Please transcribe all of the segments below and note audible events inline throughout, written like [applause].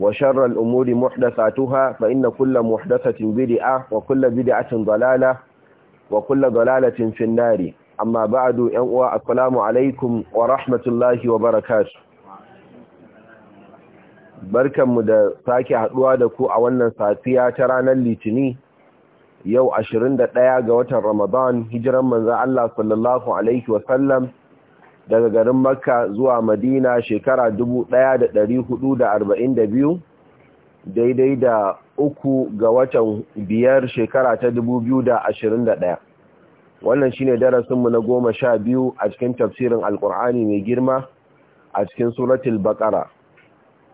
وشر الأمور محدثاتها فإن كل محدثة بدعة وكل بدعة ضلالة وكل ضلالة في النار أما بعد أنواع السلام عليكم ورحمة الله وبركاته barkanmu da sake haduwa da ku a wannan safiya ta ranar litini yau 21 ga watan ramadan hijiran manzo Allah sallallahu alaihi daga garin makka zuwa madina shekara 1442 daidai da uku ga watan biyar shekara ta 2021 wannan shine mu na goma sha biyu a cikin tafsirin alkur'ani mai girma a cikin suratul bakara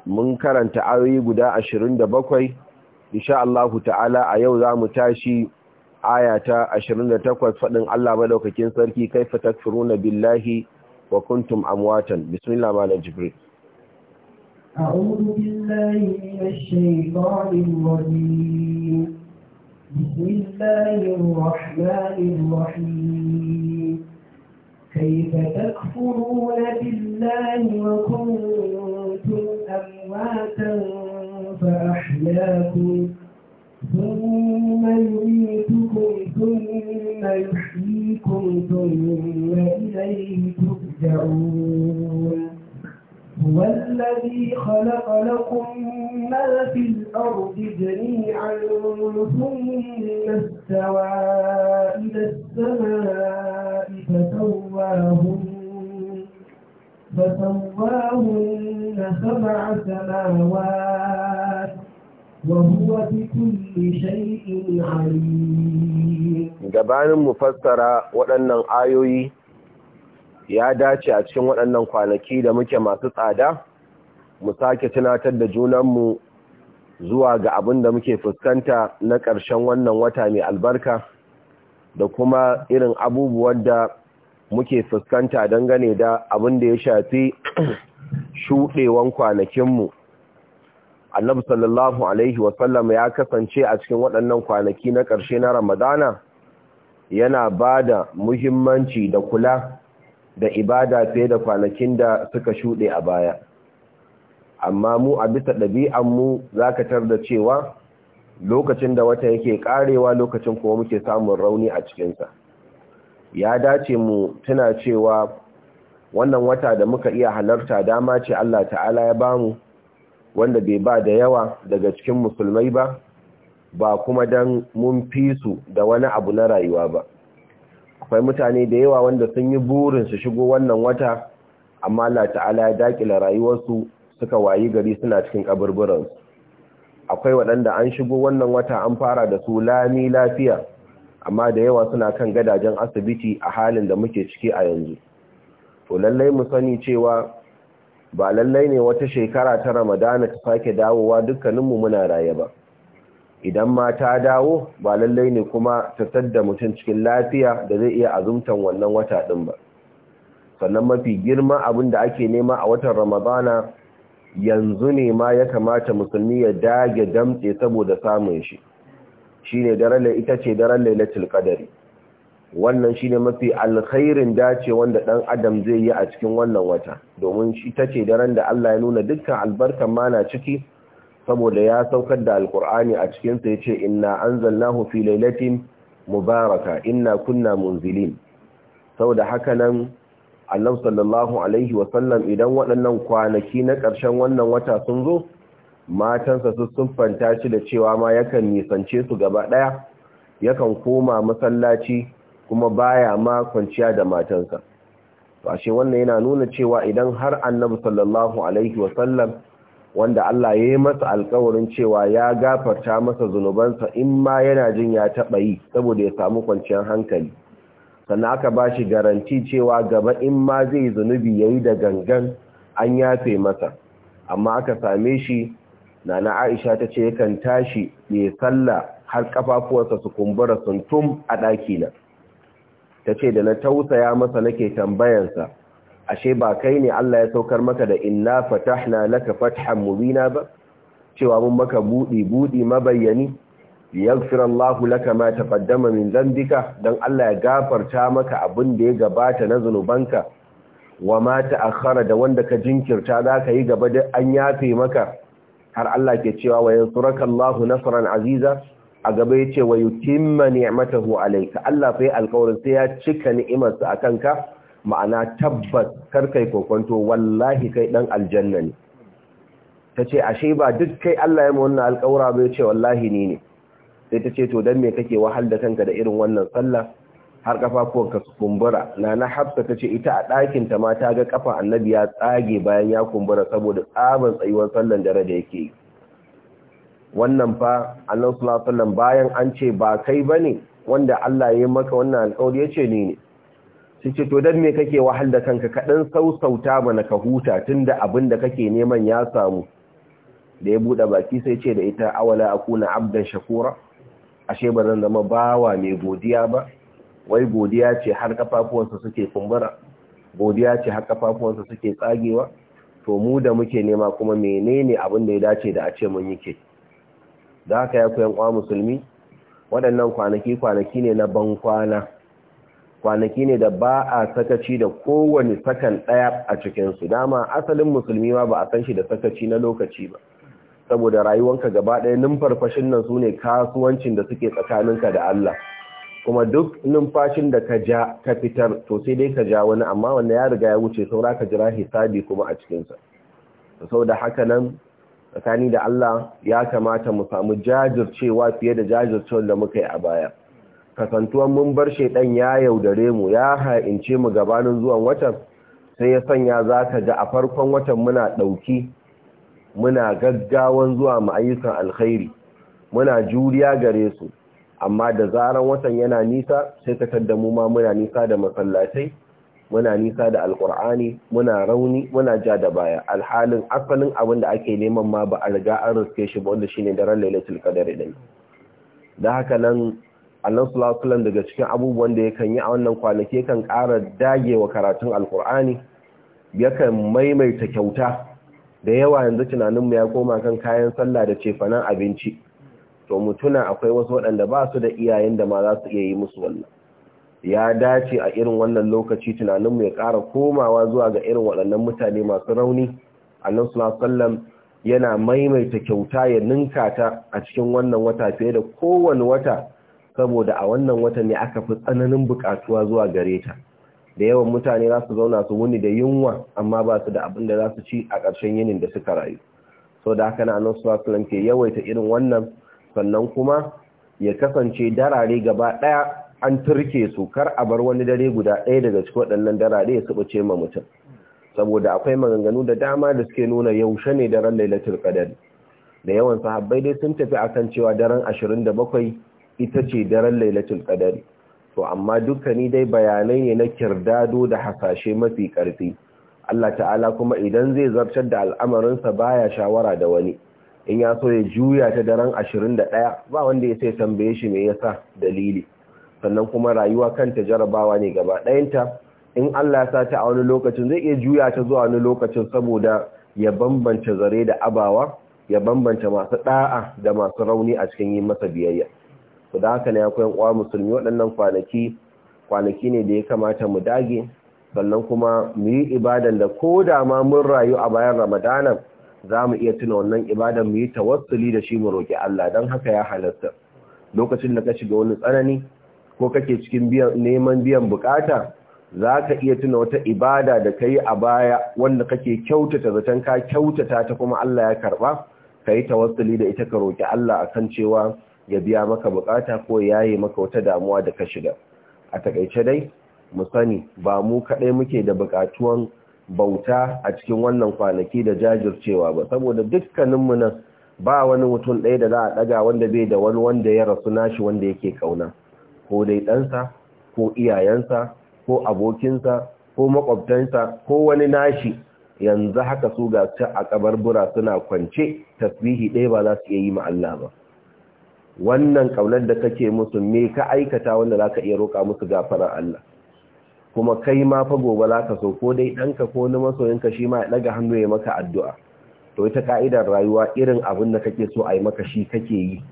mun karanta ayoyi guda 27 insha Allahu ta'ala a yau za mu tashi aya ta 28 faɗin Allah madaukakin sarki kaifa takfuruna billahi وكنتم امواتا بسم الله malam jibril أعوذ بالله من الشيطان الرجيم بسم الله الرحمن الرحيم كيف تكفرون بالله وكنتم أمواتا فأحياكم ثم يميتكم ثم يحييكم ثم إليه ترجعون هو الذي خلق لكم ما في الأرض جميعا ثم استوى إلى السماء فسواهن فسواهن سبع سماوات وهو بكل شيء عليم gabanin mu fassara waɗannan ayoyi ya dace a cikin waɗannan kwanaki da muke masu tsada mu sake tunatar da junanmu zuwa ga abin da muke fuskanta na ƙarshen wannan wata mai albarka da kuma irin abubuwan da muke fuskanta dangane da abin da ya shafi [clears throat] shuɗewan kwanakinmu annabi sallallahu alaihi wa sallam ya kasance a cikin waɗannan kwanaki na ƙarshe na ramadana yana ba da muhimmanci da kula da ibada fiye da kwanakin da suka shuɗe a baya amma mu a bisa ɗabi'an mu za ka tar da cewa lokacin da wata yake ƙarewa lokacin kuma muke samun rauni a cikinsa ya dace mu tuna cewa wannan wata da muka iya halarta dama ce Allah ta'ala ya bamu wanda bai ba da yawa daga cikin musulmai ba ba kuma dan mun fi su da wani abu na rayuwa ba akwai mutane da yawa wanda sun yi burin su shigo wannan wata amma Allah ta'ala ya dakila rayuwarsu suka wayi gari suna cikin kaburburansu akwai waɗanda an shigo wannan wata an fara da su lami lafiya amma da yawa suna kan gadajen asibiti a halin da muke ciki a yanzu to lallai mu sani cewa ba lallai ne wata shekara ta ramadana ta sake dawowa dukkaninmu muna raye ba idan ma ta dawo ba lallai ne kuma ta tadda mutum cikin lafiya da zai iya azumtan wannan wata ɗin ba sannan mafi girma abin da ake nema a watan ramadana yanzu ne ma ya kamata musulmi ya dage damtse saboda samun shi Shi shine daren ita ce daren lailatul qadari wannan shi ne mafi alkhairin dace wanda ɗan adam zai yi a cikin wannan wata domin shi ta ce daren da Allah ya nuna dukkan albarkan mana ciki saboda ya saukar da alkur'ani a cikin sa yace inna anzalnahu fi lailatin mubaraka inna kunna munzilin saboda haka nan Allah sallallahu alaihi wa sallam idan waɗannan kwanaki na ƙarshen wannan wata sun zo matansa su sun fanta shi da cewa ma yakan nisance su gaba ɗaya yakan koma masallaci kuma baya ma kwanciya da matansa to ashe wannan yana nuna cewa idan har annabi sallallahu alaihi wasallam wanda Allah ya yi masa alƙawarin cewa ya gafarta masa zunubansa in ma yana jin ya taɓa yi saboda ya samu kwanciyar hankali sannan aka ba shi garanti cewa gaba in ma zai zunubi ya yi da gangan an yafe masa amma aka same shi na na aisha ta ce yakan tashi ya salla har kafafuwarsa su kumbura sun tum a ɗakina ta ce da na tausaya masa nake tambayansa ashe ba kai ne Allah ya saukar maka da inna fatahna laka fathan mubina ba cewa mun maka budi budi mabayyani Allah laka ma taqaddama min dhanbika dan Allah ya gafarta maka abin da ya gabata na zanubanka wa ma ta'akhkhara da wanda ka jinkirta ka yi gaba da an yafe maka har Allah ke cewa wa yansuraka Allahu nasran aziza a gaba ya yace wa nimata ni'matahu Ka Allah fa yi alkawarin sai ya cika ni'imarsa a kanka? ma'ana tabbas kar kai kokonto wallahi kai dan aljanna ne Ta ce ashe ba duk kai Allah ya mu wannan alƙawara ba ya ce wallahi ni ne sai ta ce to dan me kake wahal da kanka da irin wannan sallah har kafafuwanka su kumbura nana hafsa ta ce ita a ɗakin ta ma ta ga kafa annabi ya tsage bayan ya kumbura saboda tsaban tsayuwar sallan dare da yake yi wannan fa annan sulasulan bayan an ce ba kai ba wanda Allah ya yi maka wannan alƙawar ya ce ni ne su ce to don me kake wahal da kanka kaɗan sausauta mana ka huta tunda abin da kake neman ya samu da ya buɗe baki sai ce da ita awala a kuna abdan shakura ashe ba zan zama bawa mai godiya ba wai godiya ce har kafafuwansa suke kumbura godiya ce har kafafuwansa suke tsagewa to mu da muke nema kuma menene abin da ya dace da a ce mun ke? da haka ya koyan kwa musulmi waɗannan kwanaki kwanaki ne na ban kwana kwanaki ne da ba a sakaci da kowane sakan ɗaya a cikinsu dama asalin musulmi ma ba a san shi da sakaci na lokaci ba saboda rayuwanka gaba ɗaya numfarfashin nan su ne kasuwancin da suke tsakaninka da Allah kuma duk numfashin da ka ja ka fitar to sai dai ka ja wani amma wanda ya riga ya wuce saura ka jira hisabi kuma a cikinsa sau da haka nan tsakani da Allah ya kamata mu samu jajircewa fiye da jajircewar da muka yi a baya kasantuwan mun bar shaidan ya yaudare mu ya ha'ince mu gabanin zuwan watan sai ya sanya za ka ga a farkon watan muna ɗauki muna gaggawan zuwa mu alkhairi muna juriya gare su amma da zaran watan yana nisa sai ka tadda mu ma muna nisa da masallatai muna nisa da alkur'ani muna rauni muna ja da baya alhalin asalin abin da ake neman ma ba a riga an riske shi ba wanda shine daren lailatul qadar din da haka nan Allah sallallahu daga cikin abubuwan da yakan yi a wannan kwanaki kan ƙara dagewa karatun alkur'ani yakan maimaita kyauta da yawa yanzu tunanin mu ya koma kan kayan sallah da cefanen abinci to mutuna akwai wasu waɗanda ba su da iyayen da ma za su iya yi musu wannan ya dace a irin wannan lokaci tunaninmu ya ƙara komawa zuwa ga irin waɗannan mutane masu rauni annan sallam yana maimaita kyauta ya ninka ta a cikin wannan wata fiye da kowane wata saboda a wannan wata ne aka fi tsananin buƙatuwa zuwa gare ta da yawan mutane za su zauna su wuni da yunwa amma ba su da abin da za su ci a ƙarshen yinin da suka rayu so da haka na annan sallam ke yawaita irin wannan sannan kuma ya kasance darare gaba ɗaya an turke su kar a bar wani dare guda ɗaya daga cikin waɗannan darare ya subuce ma mutum saboda akwai maganganu da dama da suke nuna yaushe ne daren lailatul qadar da yawan sahabbai dai sun tafi akan cewa daren 27 ita ce daren lailatul qadar to amma dukkani dai bayanai ne na kirdado da hasashe mafi karfi Allah ta'ala kuma idan zai zartar da al'amarinsa baya shawara da wani in ya so ya juya ta daren 21 ba wanda ya sai tambaye shi me yasa dalili sannan kuma rayuwa kanta jarabawa ne gaba ɗayanta in Allah ya sata a wani lokacin zai iya juya ta zuwa wani lokacin saboda ya bambanta zare da abawa ya bambanta masu ɗa'a, da masu rauni a cikin yin masa biyayya to da haka ne ya koyan uwa musulmi waɗannan kwanaki kwanaki ne da ya kamata mu dage sannan kuma mu yi ibadan da ko da ma mun rayu a bayan ramadana za mu iya tuna wannan ibadan mu yi tawassuli da shi mu roƙi Allah don haka ya halatta lokacin da ka shiga wani tsanani ko kake cikin neman biyan bukata za ka iya tuna wata ibada da ka yi a baya wanda kake kyautata zaton ka kyautata ta kuma Allah ya karba ka yi tawassuli da ita ka roƙi Allah a kan cewa ya biya maka bukata ko ya yi maka wata damuwa da ka shiga a takaice dai mu sani ba mu kaɗai muke da bukatuwan bauta a cikin wannan kwanaki da jajircewa ba saboda dukkaninmu nan ba wani mutum ɗaya da za a ɗaga wanda bai da wani wanda ya rasu nashi wanda yake ƙauna. ko dai ɗansa ko iyayensa ko abokinsa ko makwabtansa ko wani nashi yanzu haka su ga ci a kabarbura suna kwance tasbihi ɗaya ba za su iya yi ma'alla ba wannan ƙaunar da kake musu me ka aikata wanda za ka iya roƙa musu gafarar Allah kuma kai ma fa gobe za ka so ko dai ɗanka ko wani masoyinka shi ma ya ɗaga hannu ya maka addu'a to ita ka'idar rayuwa irin abin da kake so a yi maka shi kake yi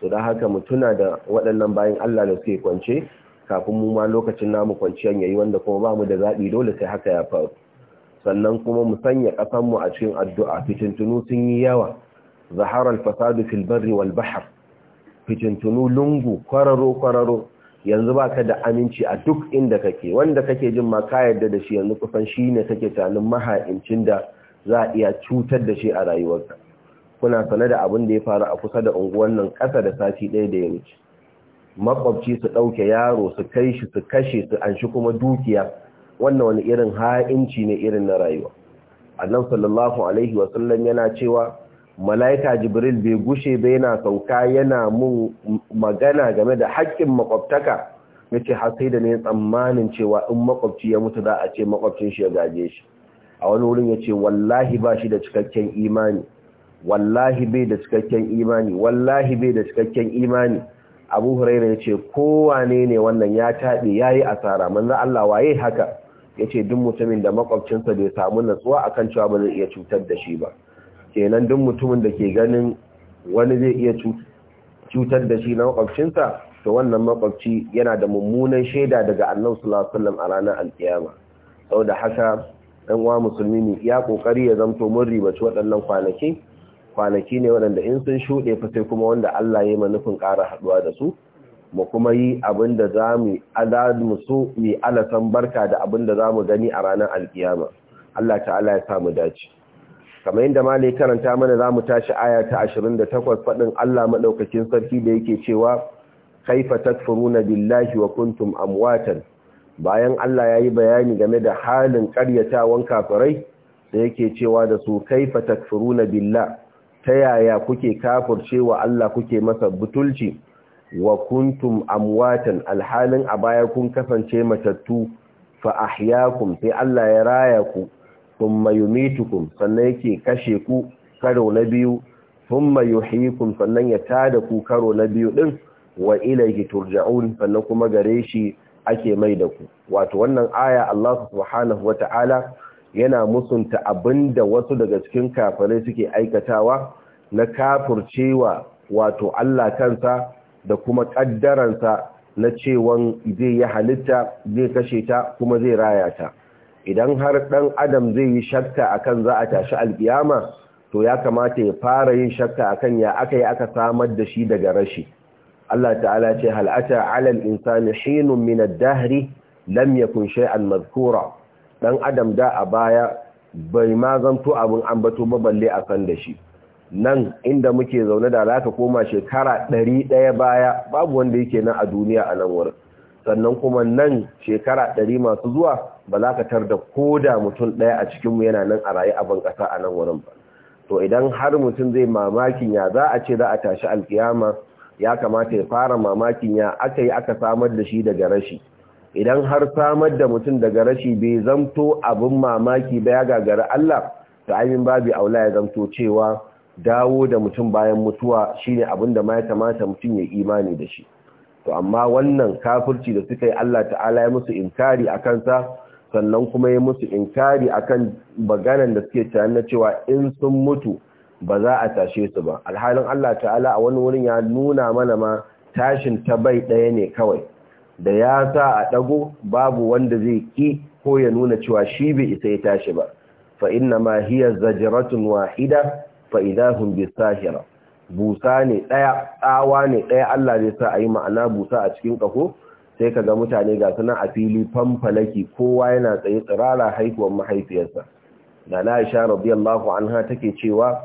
su da haka mu tuna da waɗannan bayan Allah da suke kwance kafin mu ma lokacin namu kwanciyan yayi wanda kuma ba mu da zaɓi dole sai haka ya faru sannan kuma mu sanya ƙasanmu a cikin addu'a fitintunu sun yi yawa zaharar fasadu fil barri wal bahar fitintunu lungu kwararo kwararo yanzu ba ka da aminci a duk inda kake wanda kake jin ma ka yarda da shi yanzu kusan shi ne kake tunanin maha'incin da za a iya cutar da shi a rayuwarka kuna sane da abin da ya faru a kusa da unguwan nan ƙasa da sati ɗaya da ya wuce makwabci su ɗauke yaro su kai shi su kashe su an shi kuma dukiya wannan wani irin ha'inci ne irin na rayuwa annab sallallahu alaihi wasallam yana cewa mala'ika jibril bai gushe bai yana sauka yana mun magana game da haƙƙin makwabtaka ya ce har sai da ne tsammanin cewa in makwabci ya mutu za a ce makwabcin shi ya gaje shi a wani wurin ya ce wallahi ba shi da cikakken imani wallahi bai da cikakken imani wallahi bai da cikakken imani abu huraira ya ce kowane ne wannan ya taɓe ya yi asara manza Allah waye haka ya ce duk mutumin da makwabcinsa bai samu natsuwa kan cewa ba zai iya cutar da shi ba kenan duk mutumin da ke ganin wani zai iya cutar da shi na makwabcinsa to wannan makwabci yana da mummunan shaida daga annan sallallahu a ranar alkiyama da haka ɗan uwa musulmi ya ƙoƙari ya zamto mun ribaci waɗannan kwanaki kwanaki ne waɗanda in sun shuɗe fa sai kuma wanda Allah ya yi manufin ƙara haɗuwa da su mu kuma yi abin da za mu mu so mu alasan barka da abin da za mu gani a ranar alkiyama Allah ta'ala ya samu dace kamar yadda malai karanta mana za mu tashi aya ta 28 faɗin Allah maɗaukakin sarki da yake cewa kaifa takfuruna billahi wa kuntum amwatan bayan Allah ya yi bayani game da halin ƙaryatawan kafirai da yake cewa da su kaifa takfuruna billahi ta yaya kuke kafurce wa Allah kuke masa butulci wa kuntum amwatan alhalin a baya kun kasance matattu fa ahyakum sai Allah ya raya ku thumma yumitukum sannan yake kashe ku karo na biyu thumma yuhyikum sannan ya tada ku karo na biyu din wa ilayhi turja'un sannan kuma gare shi ake mai da ku wato wannan aya Allah subhanahu wata'ala yana musunta abinda wasu daga cikin kafirai suke aikatawa na kafurcewa wato Allah kansa da kuma ƙaddaransa na cewan zai yi halitta zai kashe ta kuma zai raya ta idan har ɗan adam zai yi shakka akan za a tashi alƙiyama to ya kamata ya fara yin shakka akan ya aka yi aka samar da shi daga rashi Allah ta'ala ce hal'ata alal insani hinun min ad-dahri lam yakun shay'an madhkura dan adam da a baya bai ma zanto abin ambato ba balle a san da shi nan inda muke zaune da za koma shekara ɗari ɗaya baya babu wanda yake nan a duniya a nan wurin sannan kuma nan shekara ɗari masu zuwa ba za ka tar da ko da mutum ɗaya a cikinmu yana nan a rayu abin ƙasa a nan wurin ba to idan har mutum zai mamakin ya za a ce za a tashi alkiyama ya kamata ya fara mamakin ya aka yi aka samar da shi daga rashi idan har samar da mutum daga rashi bai zamto abin mamaki ba ya gagara Allah ta ainihin babu aula ya zamto cewa dawo da mutum bayan mutuwa shine abin da ma ya kamata mutum ya imani da shi to amma wannan kafirci da suka yi Allah ta'ala ya musu inkari a kansa sannan kuma ya musu inkari akan baganan da suke tare na cewa in sun mutu ba za a tashe su ba alhalin Allah ta'ala a wani wurin ya nuna mana ma tashin ta bai ɗaya ne kawai da ya sa a ɗago babu wanda zai ƙi ko ya nuna cewa shi bai isa ya tashi ba fa inna ma hiya zajratun wahida fa idahum bisahira busa ne ɗaya tsawa ne ɗaya Allah zai sa a yi ma'ana busa a cikin kaho. sai ka ga mutane ga suna a fili famfalaki kowa yana tsaye tsirara haihuwar mahaifiyarsa da aisha radiyallahu anha take cewa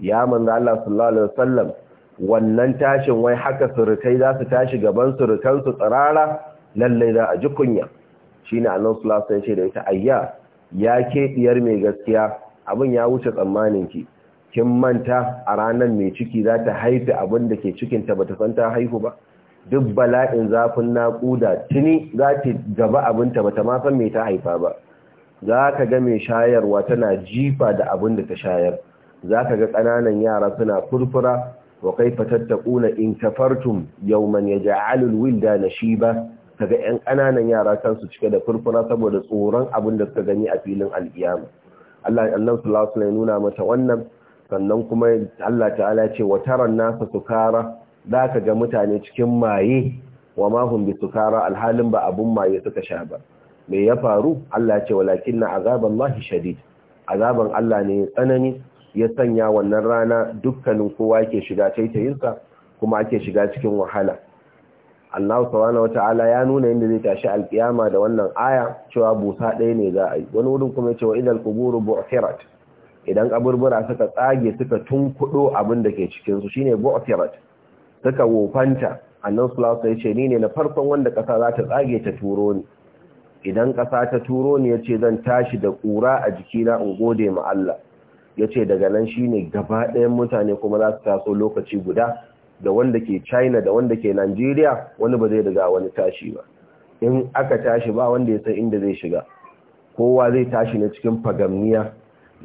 ya manzo Allah sallallahu alaihi wasallam wannan tashin wai haka surutai za su tashi gaban surukansu tsirara lallai za a ji kunya shi ne annan sulasa ya ce da ita ayya ya ke ɗiyar mai gaskiya abin ya wuce tsammanin ki. kin manta a ranar mai ciki za ta haifi abin da ke cikinta ba ta san ta haihu ba duk bala'in zafin naƙuda tuni za ta gaba abinta ba ta ma san mai ta haifa ba za ka ga mai shayarwa tana jifa da abin da ta shayar za ka ga ƙananan yara suna furfura wa kaifa tattaquna in kafartum yawman shi ba. Ka kaga yan ƙananan yara kan su cike da furfura saboda tsoron abin da suka gani a filin alkiyama Allah annabi sallallahu alaihi nuna mata wannan sannan kuma Allah ta'ala ce wa taran nasa sukara zaka ga mutane cikin maye wa ma hum bisukara alhalin ba abun maye suka sha ba me ya faru Allah ce walakin na azaban lahi shadid azaban Allah ne tsanani ya sanya wannan rana dukkanin kowa ke shiga taitayinsa kuma ake shiga cikin wahala Allah subhanahu wata'ala ya nuna inda zai tashi alƙiyama da wannan aya cewa busa ɗaya ne za a yi wani wurin kuma ya ce wa idal idan kaburbura suka tsage suka tunkudo abin da ke cikin su shine bufirat suka wofanta annan sulasa ya ce ni ne na farkon wanda ƙasa za ta tsage ta turo ni idan ƙasa ta turo ni ya ce zan tashi da ƙura a jikina in gode ma Allah ya ce daga nan shi ne gaba ɗayan mutane kuma za su taso lokaci guda da wanda ke china da wanda ke nigeria wani ba zai daga wani tashi ba in aka tashi ba wanda ya san inda zai shiga kowa zai tashi na cikin fagamniya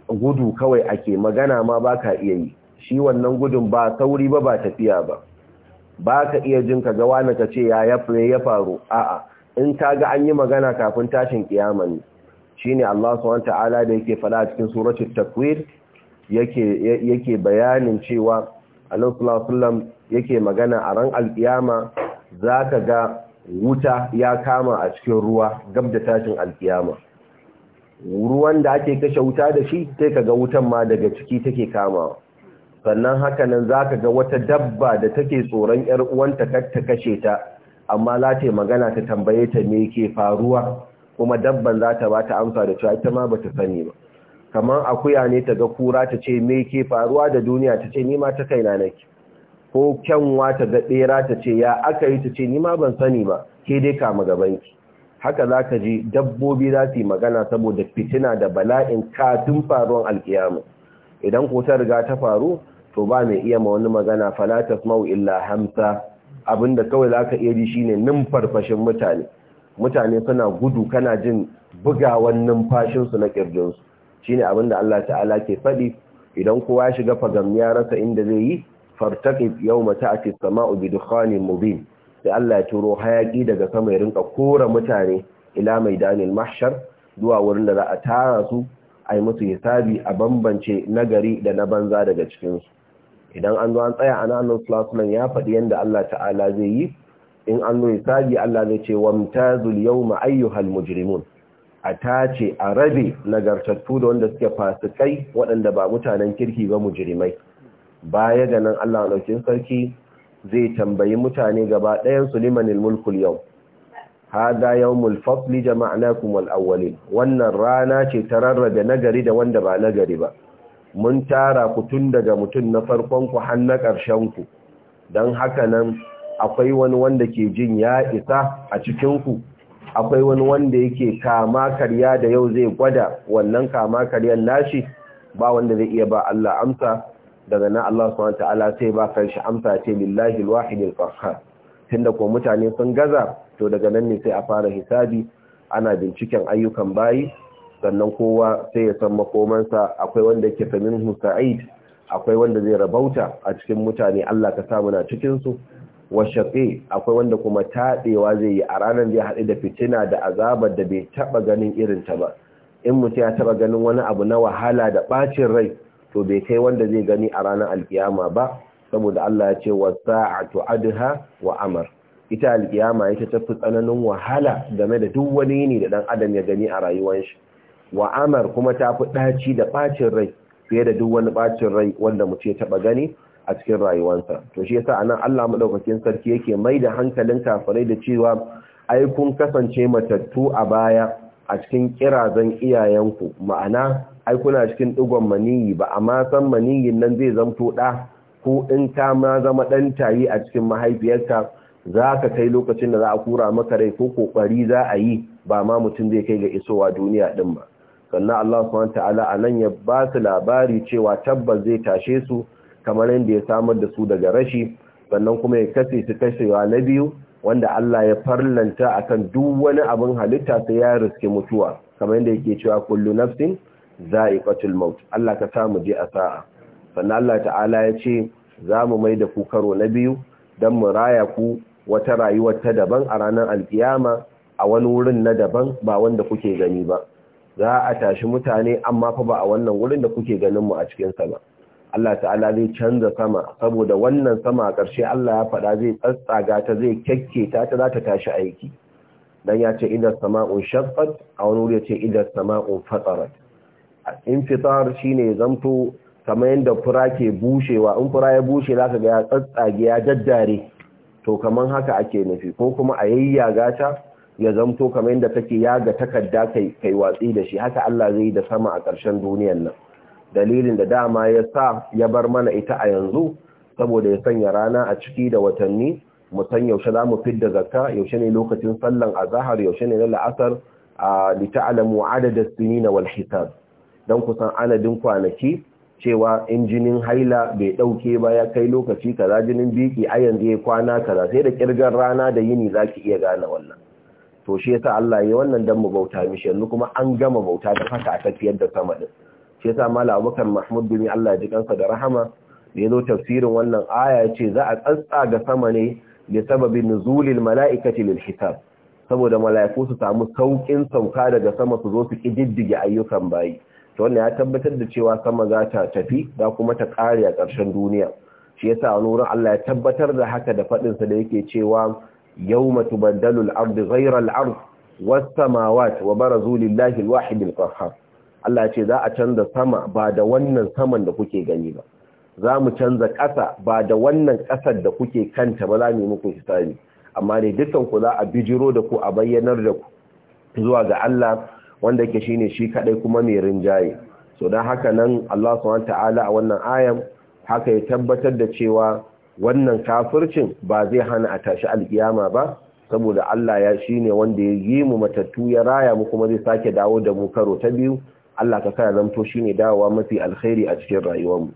gudu kawai ake magana ma ba ka iya yi shi wannan gudun ba sauri ba ba tafiya ba ba ka iya jin ka ga wani ka ce ya ya faru a'a in ta ga an yi magana kafin tashin kiyama ne shine Allah subhanahu wa ta'ala da yake fada cikin suratul takwir yake bayanin cewa lokacin yake magana a ran alkiyama za ka ga wuta ya kama a cikin ruwa gab da tashin alkiyama ruwan da ake kashe wuta da shi sai ka ga wutan ma daga ciki take kamawa sannan haka nan za ka ga wata dabba da take tsoron ‘yar uwanta ta kashe ta amma za ta magana ta tambaye ta me ke faruwa kuma dabban za ta ba ta amsa da cewa ita ma ba ta sani ba kamar akuya ne ta ga kura ta ce me ke faruwa da duniya ta ce nima ta kaina nake ko kyanwa ta ga ɗera ta ce ya aka yi ta ce nima ban sani ba ke dai kama gabanki haka za ka ji dabbobi za su yi magana saboda fitina da bala'in kafin faruwan alkiyama idan ko ta riga ta faru to ba mai iya ma wani magana falatas mau illa hamsa da kawai za ka iya ji shine numfarfashin mutane mutane suna gudu kana jin bugawan numfashinsu na ƙirjinsu shine abin da Allah ta'ala ke faɗi idan kowa ya shiga fagam ya rasa inda zai yi fartaqib yau ta'ti as-sama'u bi dukkanin mubin sai Allah ya turo hayaƙi daga sama ya rinka kora mutane ila mai danil mashar zuwa wurin da za a tara su a ai musu hisabi a bambance nagari da na banza daga cikinsu idan an zo an tsaya ana nan sallallahu ya faɗi yadda Allah ta'ala zai yi in an zo hisabi Allah zai ce wamtazul ma ayyuhal mujrimun a tace a rabe nagartattu da wanda suke fasikai waɗanda ba mutanen kirki ba mujirimai baya ga nan Allah ɗaukin sarki zai tambayi mutane gaba ɗayan su limanin mulkul yau hada yawmul jama'a jama'nakum kuma awwalin wannan rana ce ta rarrabe nagari da wanda ba nagari ba mun tara ku tun daga mutum na farkon ku har na ƙarshen ku don haka nan akwai wani wanda ke jin ya isa a cikin ku akwai wani wanda yake kama karya da yau zai gwada wannan kama karyan nashi ba wanda zai iya ba Allah amsa daga nan Allah subhanahu wataala sai ba shi amsa ce lillahi alwahid alqahhar tunda ko mutane sun gaza to daga nan ne sai a fara hisabi ana binciken ayyukan bayi sannan kowa sai ya san makomansa akwai wanda yake famin sa'id akwai wanda zai rabauta a cikin mutane Allah ka sa muna cikin su wa shafi akwai wanda kuma taɗewa zai yi a ranar zai haɗe da fitina da azabar da bai taɓa ganin irin ta ba in mutum ya taɓa ganin wani abu na wahala da ɓacin rai to bai kai wanda zai gani a ranar alkiyama ba saboda Allah ya ce wasa'atu adha wa amr ita alkiyama ita ta fi tsananin wahala game da duk wani yini da dan adam ya gani a rayuwar shi wa amr kuma ta fi daci da ɓacin rai fiye da duk wani ɓacin rai wanda mutum ya taɓa gani a cikin rayuwarsa to shi yasa anan Allah madaukakin sarki yake mai da hankalin kafirai da cewa ai kun kasance matattu a baya a cikin kirazan iyayenku ma'ana ai kuna cikin digon maniyi ba amma san maniyin nan zai zamto da ko in ka ma zama dan tayi a cikin mahaifiyarka za ka kai lokacin da za a kura maka rai ko kokari za a yi ba ma mutum zai kai ga isowa duniya din ba sannan Allah subhanahu wa ta'ala anan ya ba su labari cewa tabbas zai tashe su kamar yadda ya samar da su daga rashi sannan kuma ya kashe su kashewa na biyu wanda Allah ya farlanta akan duk wani abin halitta sai ya riske mutuwa kamar yadda yake cewa kullu nafsin za'iqatul maut Allah ka samu je a sa'a sannan Allah ta'ala ya ce za mu mai da ku karo na biyu don mu raya ku wata rayuwar ta daban a ranar alkiyama a wani wurin na daban ba wanda kuke gani ba za a tashi mutane amma fa ba a wannan wurin da kuke ganin mu a cikinsa ba Allah ta'ala zai canza sama saboda wannan sama a ƙarshe Allah ya faɗa zai tsatsaga ta zai kyakke ta ta za ta tashi aiki dan ya ce idan sama'un shaqqat a wani wuri ya ce idan sama'un fitar shi shine zamto kamar yadda fura ke bushewa in fura ya bushe za ka ga ya tsatsage ya daddare to kamar haka ake nufi ko kuma a yayyaga ta ya zamto kamar yadda take yaga takarda kai kai watsi da shi haka Allah zai yi da sama a ƙarshen duniyar nan dalilin da dama ya sa ya bar mana ita a yanzu saboda ya sanya rana a ciki da watanni mu yaushe za mu fidda zakka yaushe ne lokacin sallan azhar yaushe ne la'asar li ta'lamu adada as na wal hisab dan ku san kwanaki cewa injinin haila bai ɗauke ba ya kai lokaci kaza jinin biki a yanzu ya kwana kaza sai da kirgar rana da yini zaki iya gane wannan to shi yasa Allah ya wannan dan mu bauta mishi yanzu kuma an gama bauta da haka a tafiyar da sama din shi yasa mala abubakar mahmud bin Allah ji kansa da rahama da yazo tafsirin wannan aya ce za a tsatsa ga sama ne da sababin nuzulil mala'ikati lil hisab saboda mala'iku su samu saukin sauka daga sama su zo su kididdige ayyukan bayi to wannan ya tabbatar da cewa sama za ta tafi da kuma ta kare a ƙarshen duniya shi yasa a nurin Allah ya tabbatar da haka da fadin sa da yake cewa yawma tubaddalu al-ardu ghayra al-ard was samawati wa barazu lillahi al-wahid al-qahhar Allah ce za a canza sama ba da wannan saman da kuke gani ba za mu canza ƙasa ba da wannan ƙasar da kuke kanta ba za mu yi muku hisabi amma ne dukkan ku za a bijiro da ku a bayyanar da ku zuwa ga Allah wanda yake shine shi kadai kuma mai rinjaye so dan haka nan Allah subhanahu ta'ala a wannan ayan haka ya tabbatar da cewa wannan kafircin ba zai hana a tashi alkiyama ba saboda Allah ya shine wanda ya yi mu matattu ya raya mu kuma zai sake dawo da mu karo ta biyu Allah ka sa zamto shine dawowa mafi alkhairi a cikin rayuwarmu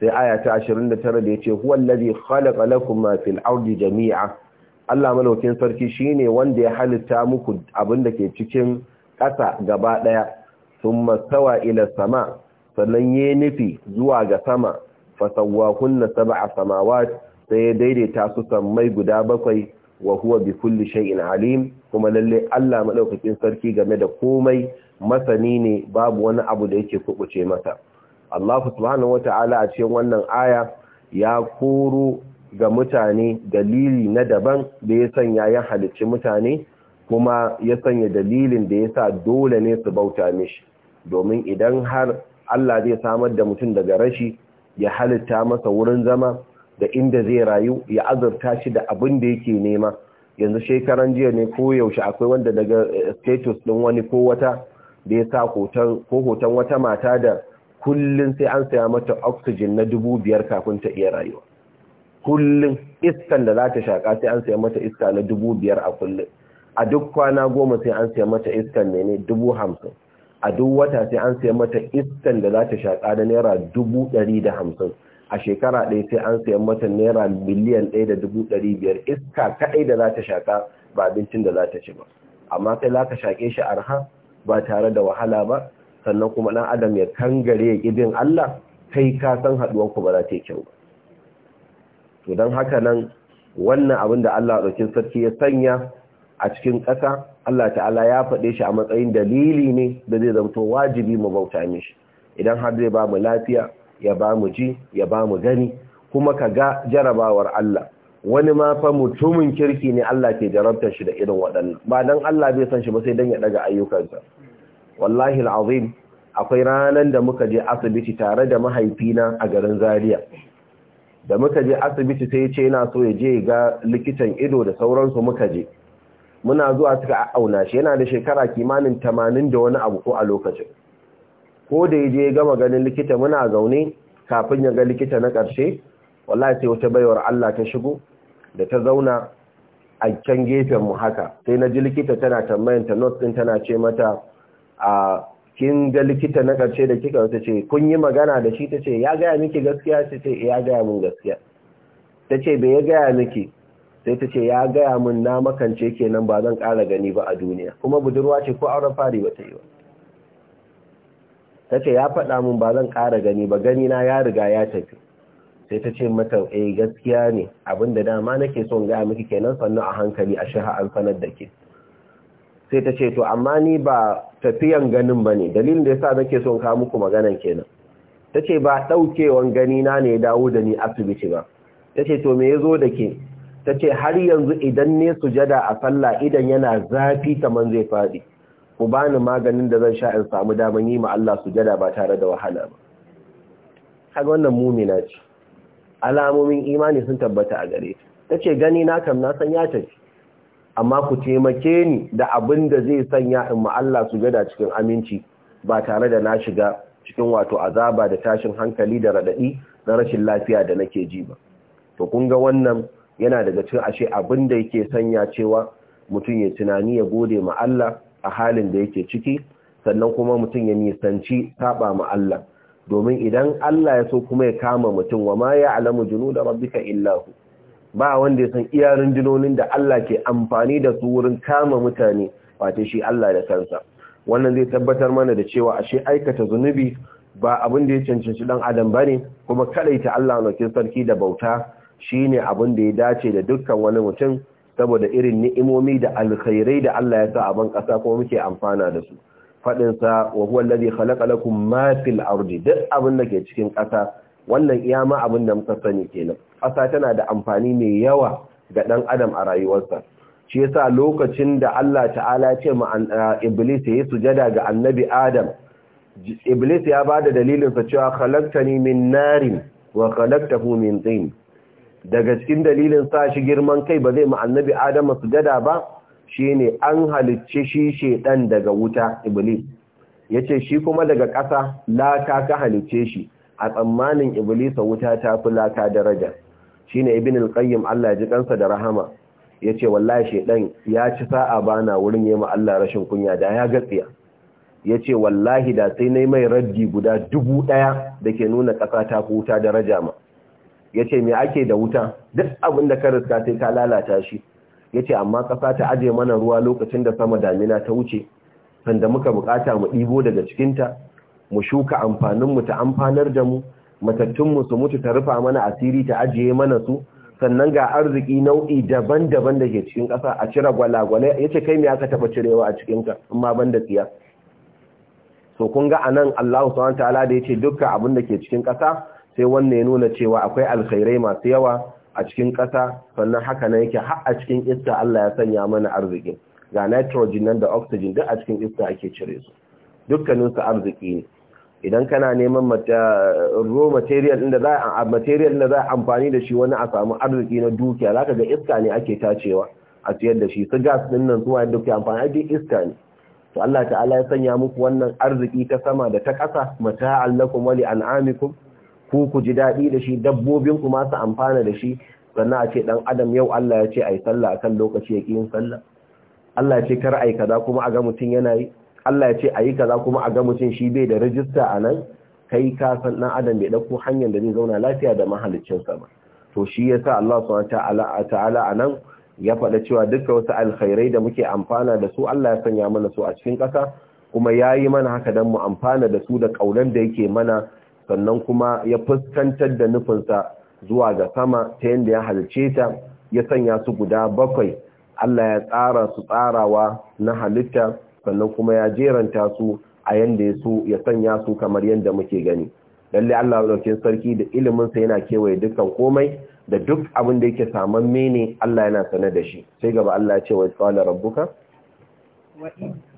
sai aya ta 29 da yace huwallazi khalaqa lakum ma fil ardi jami'a Allah malaukin sarki shine wanda ya halitta muku abin da ke cikin ƙasa gaba daya thumma sawa ila sama sannan yayi nufi zuwa ga sama fasawwahunna sab'a samawat sai daidaita su sammai guda bakwai wa huwa bi kulli shay'in alim kuma lalle Allah madaukakin sarki game da komai masani ne babu wani abu da yake kubuce masa Allah subhanahu wata'ala a cikin wannan aya ya koro ga mutane dalili na daban da ya sanya ya halicci mutane kuma ya sanya dalilin da ya sa dole ne su bauta mishi domin idan har Allah zai samar da mutum daga rashi ya halitta masa wurin zama da inda zai rayu ya azurta shi da abin da yake nema yanzu shekaran jiya ne ko yaushe akwai wanda daga status ɗin wani ko wata da ya sa ko hoton wata mata da kullum sai an saya mata oxygen na dubu biyar kafin ta iya rayuwa kullum iskan da za ta shaƙa sai an saya mata iska na dubu biyar a kullum a duk kwana goma sai an saya mata iskan ne ne dubu hamsin a duk wata sai an saya mata iskan da za ta shaƙa da naira dubu ɗari da hamsin a shekara ɗaya sai an saya mata naira miliyan ɗaya da dubu ɗari biyar iska kaɗai da za ta shaƙa ba abincin da za ta ci ba amma sai za ka shaƙe shi arha ba tare da wahala ba sannan kuma ɗan adam ya kangare ya ƙibin Allah kai ka san ku ba za ta yi kyau ba to don haka nan wannan abin da Allah ɗaukin sarki ya sanya a cikin ƙasa Allah ta'ala ya faɗe shi a matsayin dalili ne da zai zamto wajibi mu bauta mishi idan har zai ba mu lafiya ya ba mu ji ya ba mu gani kuma ka ga jarabawar Allah wani ma fa mutumin kirki ne Allah ke jarabtar shi da irin waɗannan ba dan Allah bai san shi ba sai dan ya daga ayyukansa wallahi alazim akwai ranar da muka je asibiti tare da mahaifina a garin Zaria da muka je asibiti sai ce yana so ya je ga likitan ido da sauransu muka je muna zuwa suka auna shi yana da shekara kimanin tamanin da wani abu ko a lokacin ko da ya je gama ganin likita muna zaune kafin ya ga likita na ƙarshe wallahi sai wata baiwar Allah ta shigo da ta zauna a can gefen mu haka sai na ji likita tana tambayan ta notes din tana ce mata a kin ga likita na karshe da kika wata ce kun yi magana da shi Ta ce ya gaya miki gaskiya ta ce ya gaya min gaskiya Ta ce bai ya gaya miki sai ta ce ya gaya min na makance kenan ba zan ƙara gani ba a duniya kuma budurwa ce ko auren fari ba ta yi ba ta ce ya faɗa min ba zan ƙara gani ba gani na ya riga ya tafi sai ta ce mata eh gaskiya ne abinda dama nake son gaya miki kenan sannan a hankali a shaha an sanar da ke sai ta ce to amma ni ba tafiyan ganin ba ne dalilin da yasa nake son kawo muku magana kenan ta ce ba ɗaukewan gani na ne dawo da ni asibiti ba ta ce to me ya zo da ke ta ce har yanzu idan ne sujada a sallah idan yana zafi kaman zai faɗi ku bani maganin da zan sha in samu daman yi ma Allah sujada ba tare da wahala ba kaga wannan mumina ce alamomin imani sun tabbata a gare ta ce gani na kam na san ya tafi amma ku taimake ni da abin da zai sanya in ma Allah su gada cikin aminci ba tare da na shiga cikin wato azaba da tashin hankali da raɗaɗi na rashin lafiya da nake ji ba to kun ga wannan yana daga cikin ashe abin da yake sanya cewa mutum ya tunani ya gode ma Allah a halin da yake ciki sannan kuma mutum ya nisanci saba ma Allah domin idan Allah ya so kuma ya kama mutum wa ma ya alamu jinu da rabbika illahu ba wanda ya san iya rundunonin da Allah ke amfani da su wurin kama mutane wato shi Allah da kansa wannan zai tabbatar mana da cewa ashe aikata zunubi ba abin da ya cancanci dan adam bane kuma kadaita Allah nokin sarki da bauta shine abin da ya dace da dukkan wani mutum saboda irin ni'imomi da alkhairai da Allah ya sa a ban kasa kuma muke amfana da su faɗinsa wa huwa alladhi khalaqa lakum ma fil ardi duk abin da ke cikin ƙasa wannan iya ma abin da muka sani kenan ƙasa tana da amfani mai yawa ga ɗan adam a rayuwarsa shi yasa lokacin da Allah ta'ala ya ce ma uh, iblis yi sujada ga annabi adam iblis ya bada dalilin sa cewa khalaqtani min narin wa khalaqtahu min tin daga cikin dalilin sa shi girman kai ba zai ma annabi adam sujada ba shine an halicci shi shedan daga wuta iblis yace shi kuma daga ƙasa laka ka halicce shi a tsammanin iblis wuta ta fi laka daraja shine ibn al-qayyim Allah ji kansa da rahama yace wallahi shedan ya ci sa'a bana wurin yema Allah rashin kunya da ya gatsiya yace wallahi da sai nayi mai raddi guda dubu da ke nuna ƙasa ta fi wuta daraja ma yace me ake da wuta duk abin da ka riska sai ka lalata shi yace amma ƙasa ta ajiye mana ruwa lokacin da sama damina ta wuce sanda muka bukata mu ɗibo daga cikinta mu shuka amfaninmu ta amfanar da mu matattunmu su mutu ta rufa mana asiri ta ajiye mana su sannan ga arziki nau'i daban-daban da ke cikin ƙasa a cire gwalagwale ya ce kai me aka taɓa cirewa a cikinka ka amma ban da tsiya so kun ga anan Allah subhanahu ta'ala da yace dukkan abin da ke cikin ƙasa sai wannan ya nuna cewa akwai alkhairai masu yawa a cikin ƙasa sannan haka nan yake har a cikin iska Allah ya sanya mana arzikin ga nitrogen nan da oxygen duk a cikin iska ake cire su dukkanin su arziki ne idan kana neman raw material din da za a material da za a amfani da shi wani a samu arziki na dukiya zaka ga iska ne ake tacewa a siyar da shi su gas din nan zuwa duk ya amfani da iska ne to Allah ta'ala ya sanya muku wannan arziki ta sama da ta ƙasa mata'allakum wa li an'amikum ku ku ji daɗi da shi dabbobin ku masu amfana da shi sannan a ce ɗan adam yau Allah ya ce a yi sallah a kan lokaci ya ƙi yin sallah Allah ya ce kar a yi kaza kuma a ga mutum yana yi Allah ya ce a yi kaza kuma a ga mutum shi bai da rajista a nan kai ka san ɗan adam bai ɗauko hanyar da zai zauna lafiya da mahaliccinsa ba to shi yasa Allah subhanahu ta'ala a nan ya faɗa cewa dukkan wasu alkhairai da muke amfana da su Allah ya sanya mana su a cikin ƙasa kuma ya yi mana haka dan mu amfana da su da ƙaunar da yake mana sannan kuma ya fuskantar da nufinsa zuwa ga sama ta yadda ya halice ta ya sanya su guda bakwai Allah ya tsara su tsarawa na halitta sannan kuma ya jeranta su a yadda ya so ya sanya su kamar yadda muke gani lalle Allah daukin sarki da iliminsa yana kewaye dukkan komai da duk abin da yake samun mene Allah yana sane da shi sai gaba Allah ya ce wa qala rabbuka wa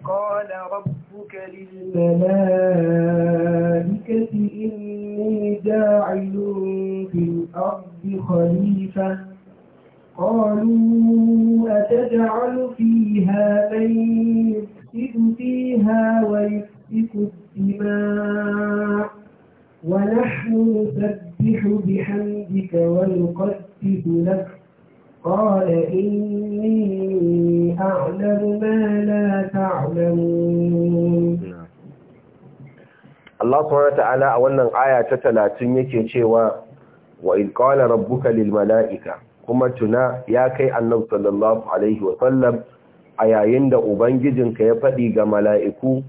قال ربك للملائكة إني جاعل في الأرض خليفة قالوا أتجعل فيها من يفسد فيها ويفسد الدماء ونحن نسبح بحمدك ونقدس لك قال إني أعلم ما لا تعلمون Allah subhanahu wata'ala a wannan aya ta talatin yake cewa wa in rabbuka lil mala'ika kuma tuna ya kai annabi sallallahu alaihi a yayin da ubangijinka ya faɗi ga mala'iku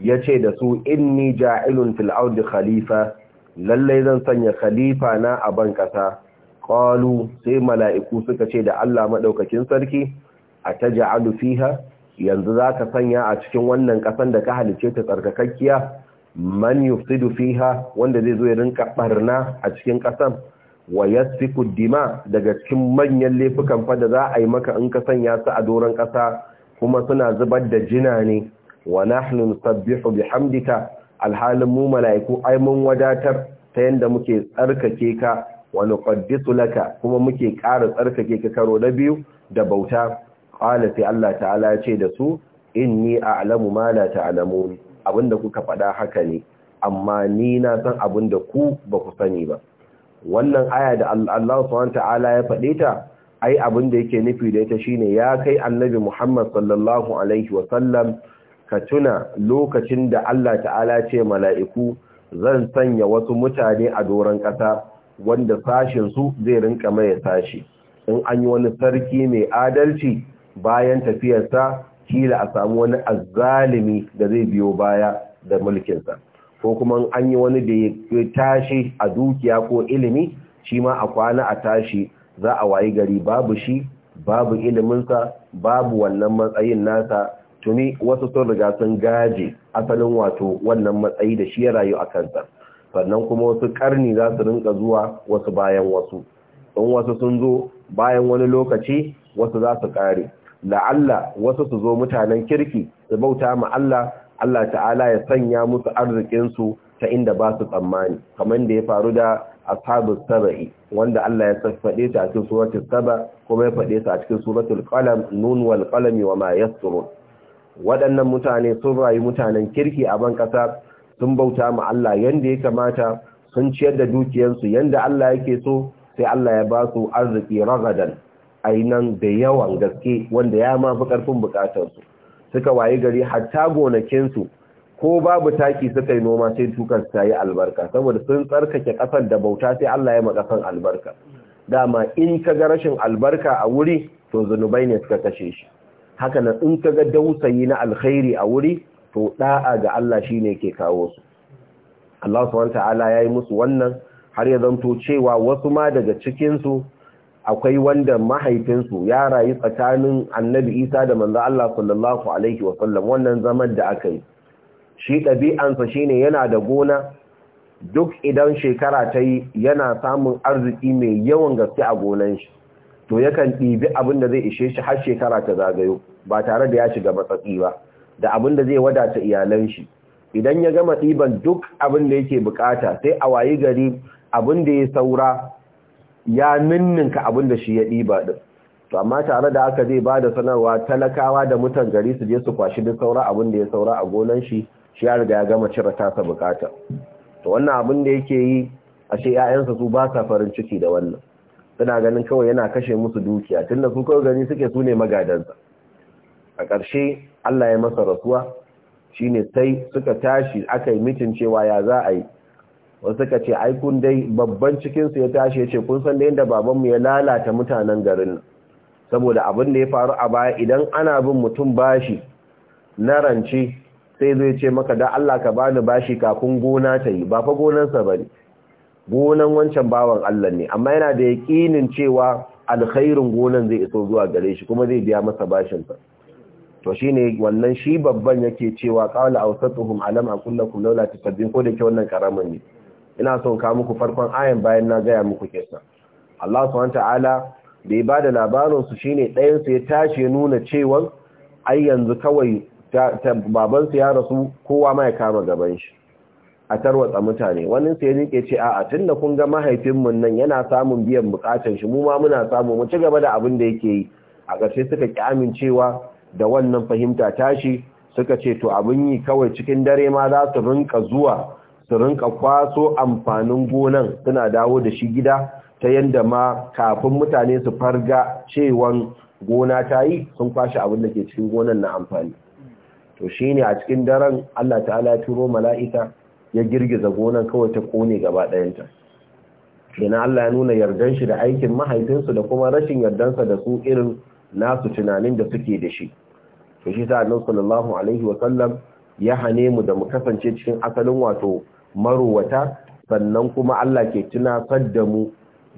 ya ce da su inni ja'ilun fil ardi khalifa Lallai zan sanya khalifa na a ban ƙasa." qalu sai mala'iku suka ce da Allah madaukakin sarki a ataj'alu fiha yanzu zaka sanya a cikin wannan kasan da ka halice ta tsarkakakkiya man yufsidu fiha wanda zai zo ya rinka barna a cikin kasan wa yasfiku dima daga cikin manyan laifukan fa da za a yi maka in ka sanya su a doron kasa kuma suna zubar da jina ne wa nahnu nusabbihu bihamdika alhalin mu mala'iku ai mun wadatar ta yanda muke tsarkake ka wani ƙaddisu laka kuma muke ƙara tsarkake ka karo na biyu da bauta ƙwala sai Allah ta'ala ce da su inni a'lamu ma la ta'lamun abinda kuka faɗa haka ne amma ni na san abinda ku ba ku sani ba wannan aya da Allah subhanahu ta'ala ya faɗe ta ai abinda yake nufi da ita shine ya kai annabi Muhammad sallallahu alaihi wa sallam ka tuna lokacin da Allah ta'ala ce mala'iku zan sanya wasu mutane a doron ƙasa wanda sashen su zai rinka mai sashi in an yi wani sarki mai adalci bayan tafiyarsa kila a samu wani azzalimi da zai biyo baya da mulkinsa ko kuma an yi wani da ya tashi a dukiya ko ilimi shi ma a kwana a tashi za a wayi gari babu shi babu iliminsa babu wannan matsayin nasa tuni wasu sun riga sun gaje asalin wato wannan matsayi da shi ya rayu a kansa sannan kuma wasu karni za su rinka zuwa wasu bayan wasu in wasu sun zo bayan wani lokaci wasu za su kare la'alla wasu su zo mutanen kirki su bauta ma Allah Allah ta'ala ya sanya musu arzikinsu ta inda ba su tsammani kamar da ya faru da ashabu saba'i wanda Allah ya faɗe ta a cikin suratul saba kuma ya faɗe ta a cikin suratul qalam nun wal qalami wa ma yasturun waɗannan mutane sun rayu mutanen kirki a ban ƙasa sun bauta ma Allah yanda ya kamata sun ciyar da dukiyansu yanda Allah yake so sai Allah ya ba su arziki ragadan ainan da yawan gaske wanda ya mafi fi karfin bukatarsu suka waye gari hatta gonakinsu ko babu taki suka yi noma sai tukar ta yi albarka saboda sun tsarkake ƙasar da bauta sai Allah ya makasan albarka dama in ka ga rashin albarka a wuri to zunubai ne suka kashe shi haka nan in ka ga dausayi na alkhairi a wuri to da'a ga Allah shi ne ke kawo su Allah subhanahu ya yi musu wannan har ya zanto cewa wasu ma daga cikinsu akwai wanda mahaifinsu ya rayu tsakanin annabi isa da manzo Allah sallallahu alaihi wasallam wannan zaman da aka yi shi ɗabi'ansa ne yana da gona duk idan shekara ta yi yana samun arziki mai yawan gaske a gonan shi to yakan ɗibi abin da zai ishe shi har shekara ta zagayo ba tare da ya shiga matsatsi ba da abin da zai wadata iyalan shi idan ya gama ɗiban duk abin da yake bukata sai a wayi gari abin da ya saura ya ninninka abin da shi ya ɗiba ɗin to amma tare da aka zai ba da sanarwa talakawa da mutan gari su je su kwashi duk saura abin da ya saura a gonan shi shi ya riga ya gama cire tasa bukata to wannan abin da yake yi a ce 'ya'yansa su ba sa farin ciki da wannan suna ganin kawai yana kashe musu dukiya tunda su kawai gani suke sune magadansa a ƙarshe Allah ya masa rasuwa shine sai suka tashi aka yi mitin cewa ya za a yi wasu suka ce ai kun dai babban cikinsu ya tashi ya ce kun san da yadda babanmu ya lalata mutanen garin saboda abin da ya faru a baya idan ana bin mutum bashi na rance sai zai ce maka da Allah ka bani bashi kafin gona ta yi ba fa gonansa ba ne gonan wancan bawan Allah ne amma yana da yaƙinin cewa alkhairin gonan zai iso zuwa gare shi kuma zai biya masa bashinsa to shine wannan shi babban yake cewa qala awsatuhum alam aqul laula tusabbihun ko da ke wannan karamin ne ina son ka muku farkon ayan bayan na gaya muku kissa Allah subhanahu ta'ala da ya bada labarin su shine ɗayan su ya tashi nuna cewa ai yanzu kawai baban su ya rasu kowa ma kama gaban shi a tarwatsa mutane wani sai rike ce a'a tunda kun ga mahaifinmu nan yana samun biyan bukatun shi mu ma muna samu mu ci gaba da abin da yake yi a ƙarshe suka ki amincewa da wannan fahimta tashi suka ce to abin yi kawai cikin dare ma za su rinka zuwa su rinka kwaso amfanin gonan suna dawo da shi gida ta yadda ma kafin mutane su farga cewan gona ta yi sun kwashe abin da ke cikin gonan na amfani to shi ne a cikin daren Allah ta'ala ya turo mala'ika ya girgiza gonan kawai ta kone gaba ɗayanta kenan Allah ya nuna yardan shi da aikin mahaifinsu da kuma rashin yardansa da su irin nasu tunanin da suke da shi to shi sa annabi sallallahu alaihi wa sallam ya hane mu da mu kasance cikin asalin wato maruwata sannan kuma Allah ke tunasar da mu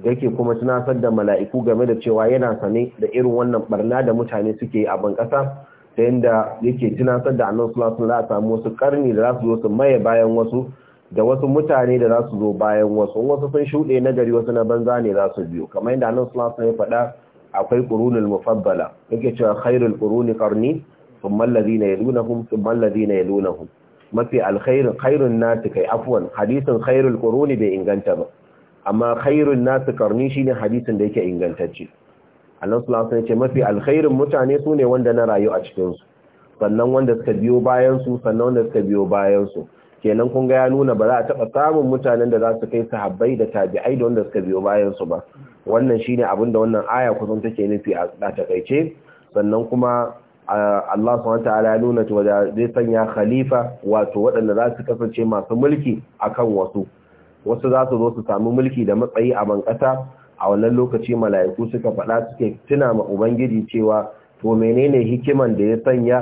yake kuma tunasar da mala'iku game da cewa yana sane da irin wannan barna da mutane suke a ban kasa ta yanda yake tunasar da annabi sallallahu alaihi wa sallam wasu karni da za zo su maye bayan wasu da wasu mutane da za zo bayan wasu wasu sun shuɗe na gari wasu na banza ne zasu su biyo kamar yadda annabi sallallahu alaihi wa sallam ya faɗa akwai qurunul mufaddala yake cewa khairul quruni qarni thumma alladhina sun thumma alladhina yalunhum mafi alkhairun khairun nas kai afwan hadisin khairul quruni bai inganta ba amma khairun nas qarni shine hadisin da yake ingantacce Allah sallallahu alaihi ce mafi alkhairin mutane sune wanda na rayu a cikinsu. su sannan wanda suka biyo bayan sannan wanda suka biyo bayansu. kenan kun ga ya nuna ba za a taba samun mutanen da za su kai sahabbai da tabi'ai da wanda suka biyo bayansu ba wannan shine abin da wannan aya kusan take nufi a takaice sannan kuma Allah subhanahu ya nuna cewa zai sanya khalifa wato waɗanda za su kasance masu mulki a kan wasu wasu za su zo su sami mulki da matsayi a bankasa a wannan lokaci mala'iku suka faɗa suke tuna ma ubangiji cewa to menene hikiman da ya sanya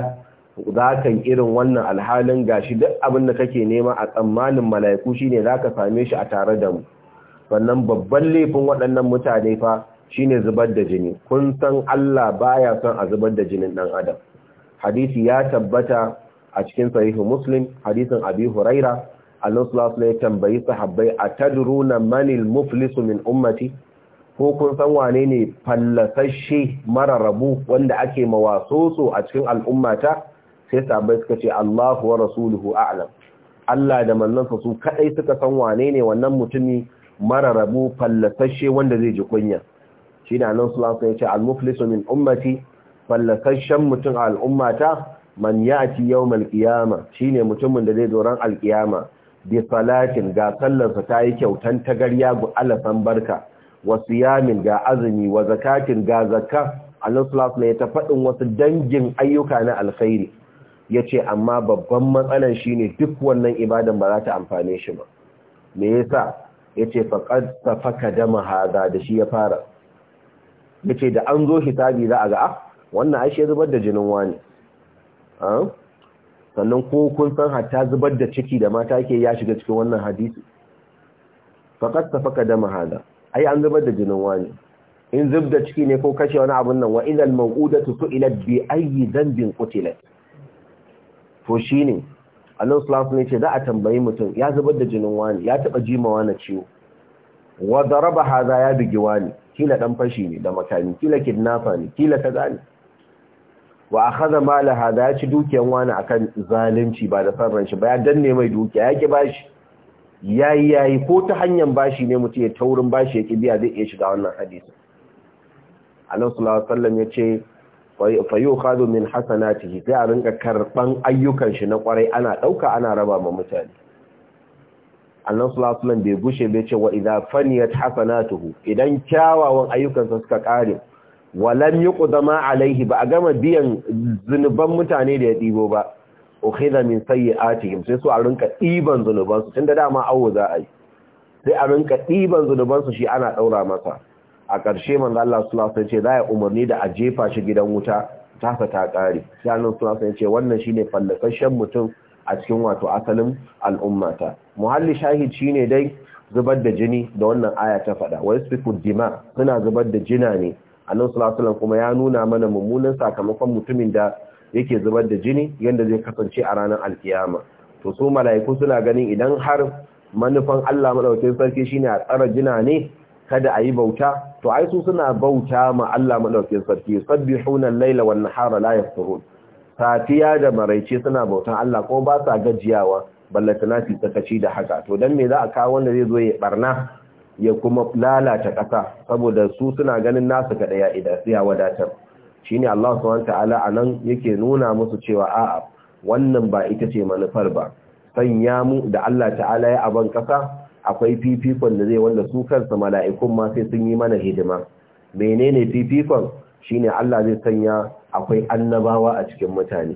zakan irin wannan alhalin gashi duk abin da kake nema a tsammanin mala'iku shine zaka same shi a tare da mu sannan babban laifin waɗannan mutane fa shi ne zubar da jini kun san Allah baya son a zubar da jinin ɗan adam hadisi ya tabbata a cikin sahihu muslim hadisin abi huraira annabi sallallahu tambayi sahabbai atadruna manil muflisu min ummati ko kun san wane ne fallasashe mara rabu wanda ake mawasoso a cikin al'ummata sai sahabbai suka ce Allahu wa rasuluhu a'lam Allah da manzansa su kadai suka san wane ne wannan mutumi mara rabu fallasashe wanda zai ji kunya shi na nan sulasa ya ce al-muflisu min ummati fallasashen mutum a al'ummata man ya yau yawmal shi ne mutumin da zai doron al'kiyama. bi salatin ga sallarsa ta yi kyautan tagarya ga alasan barka wasu yamin ga azumi wa zakatin ga zakka Allah sallallahu alaihi ta faɗin wasu dangin ayyuka na alkhairi ce, amma babban matsalan ne duk wannan ibadan ba za ta amfane shi ba me yasa yace ta faka dama hada da shi ya fara yace da an zo hisabi za a ga ah wannan ai shi zubar da jinin wani sannan ko kun san hatta zubar da ciki da mata ke ya shiga cikin wannan hadisi ta faka dama hada ai an zubar da jinin wani in zub da ciki ne ko kashe wani abun nan wa idal maw'udatu ila bi ayi dhanbin qutilat to shine Allah sallallahu alaihi ce za a tambayi mutum ya zubar da jinin wani ya taba jima wani ciwo wa daraba haza ya bigi wani kila dan fashi ne da makami kila kidnapper ne kila kaza ne wa akhadha mala hada ya ci dukiyan wani akan zalunci ba da san shi ba ya danne mai dukiya ya ki bashi yayi yayi ko ta hanyar bashi ne mutum ya taurin bashi ya ki biya zai iya shiga wannan hadisi Allah sallallahu alaihi wasallam ya ce fayukhadhu min hasanatihi sai a rinka karban ayyukan shi na kwarai ana dauka ana raba ma mutane alaihi wasallam bai gushe bai ce wa idza faniyat hasanatuhu idan kyawawan ayyukansa suka kare walam yuqdama alaihi ba a gama biyan zunuban mutane da ya dibo ba ukhidha min sayyi'atihim sai su a rinka diban zunuban su tunda dama awo za a yi sai a rinka diban zunuban su shi ana daura masa a ƙarshe manzo Allah sallallahu ce za ya umarni da a jefa shi gidan wuta tasa ta ƙare sai Allah sallallahu alaihi ce wannan shine fallasashen mutum a cikin wato asalin al'ummata muhalli shahid shine dai zubar da jini da wannan aya ta faɗa wa yasfiku dima suna zubar da jina ne a sallallahu alaihi kuma ya nuna mana mummunan sakamakon mutumin da yake zubar da jini yadda zai kasance a ranar alkiyama to su mala'iku suna ganin idan har manufan Allah madaukakin sarki shine a tsara jina ne kada a yi bauta to ai su suna bauta ma Allah maɗaukin sarki sabbihuna al-laila wan nahara la yafturun safiya da maraice suna bautan Allah kuma ba sa gajiyawa ballatana fi tsakaci da haka to dan me za a kawo wanda zai zo ya barna ya kuma lalata ƙasa, saboda su suna ganin nasu ga daya idan sai ya wadatar shine Allah subhanahu wataala anan yake nuna musu cewa a'a wannan ba ita ce manufar ba sanya mu da Allah ta'ala ya aban ƙasa. akwai fifikon da zai wanda su kansa mala'ikun ma sai sun yi mana hidima menene fifikon shine Allah zai sanya akwai annabawa a cikin mutane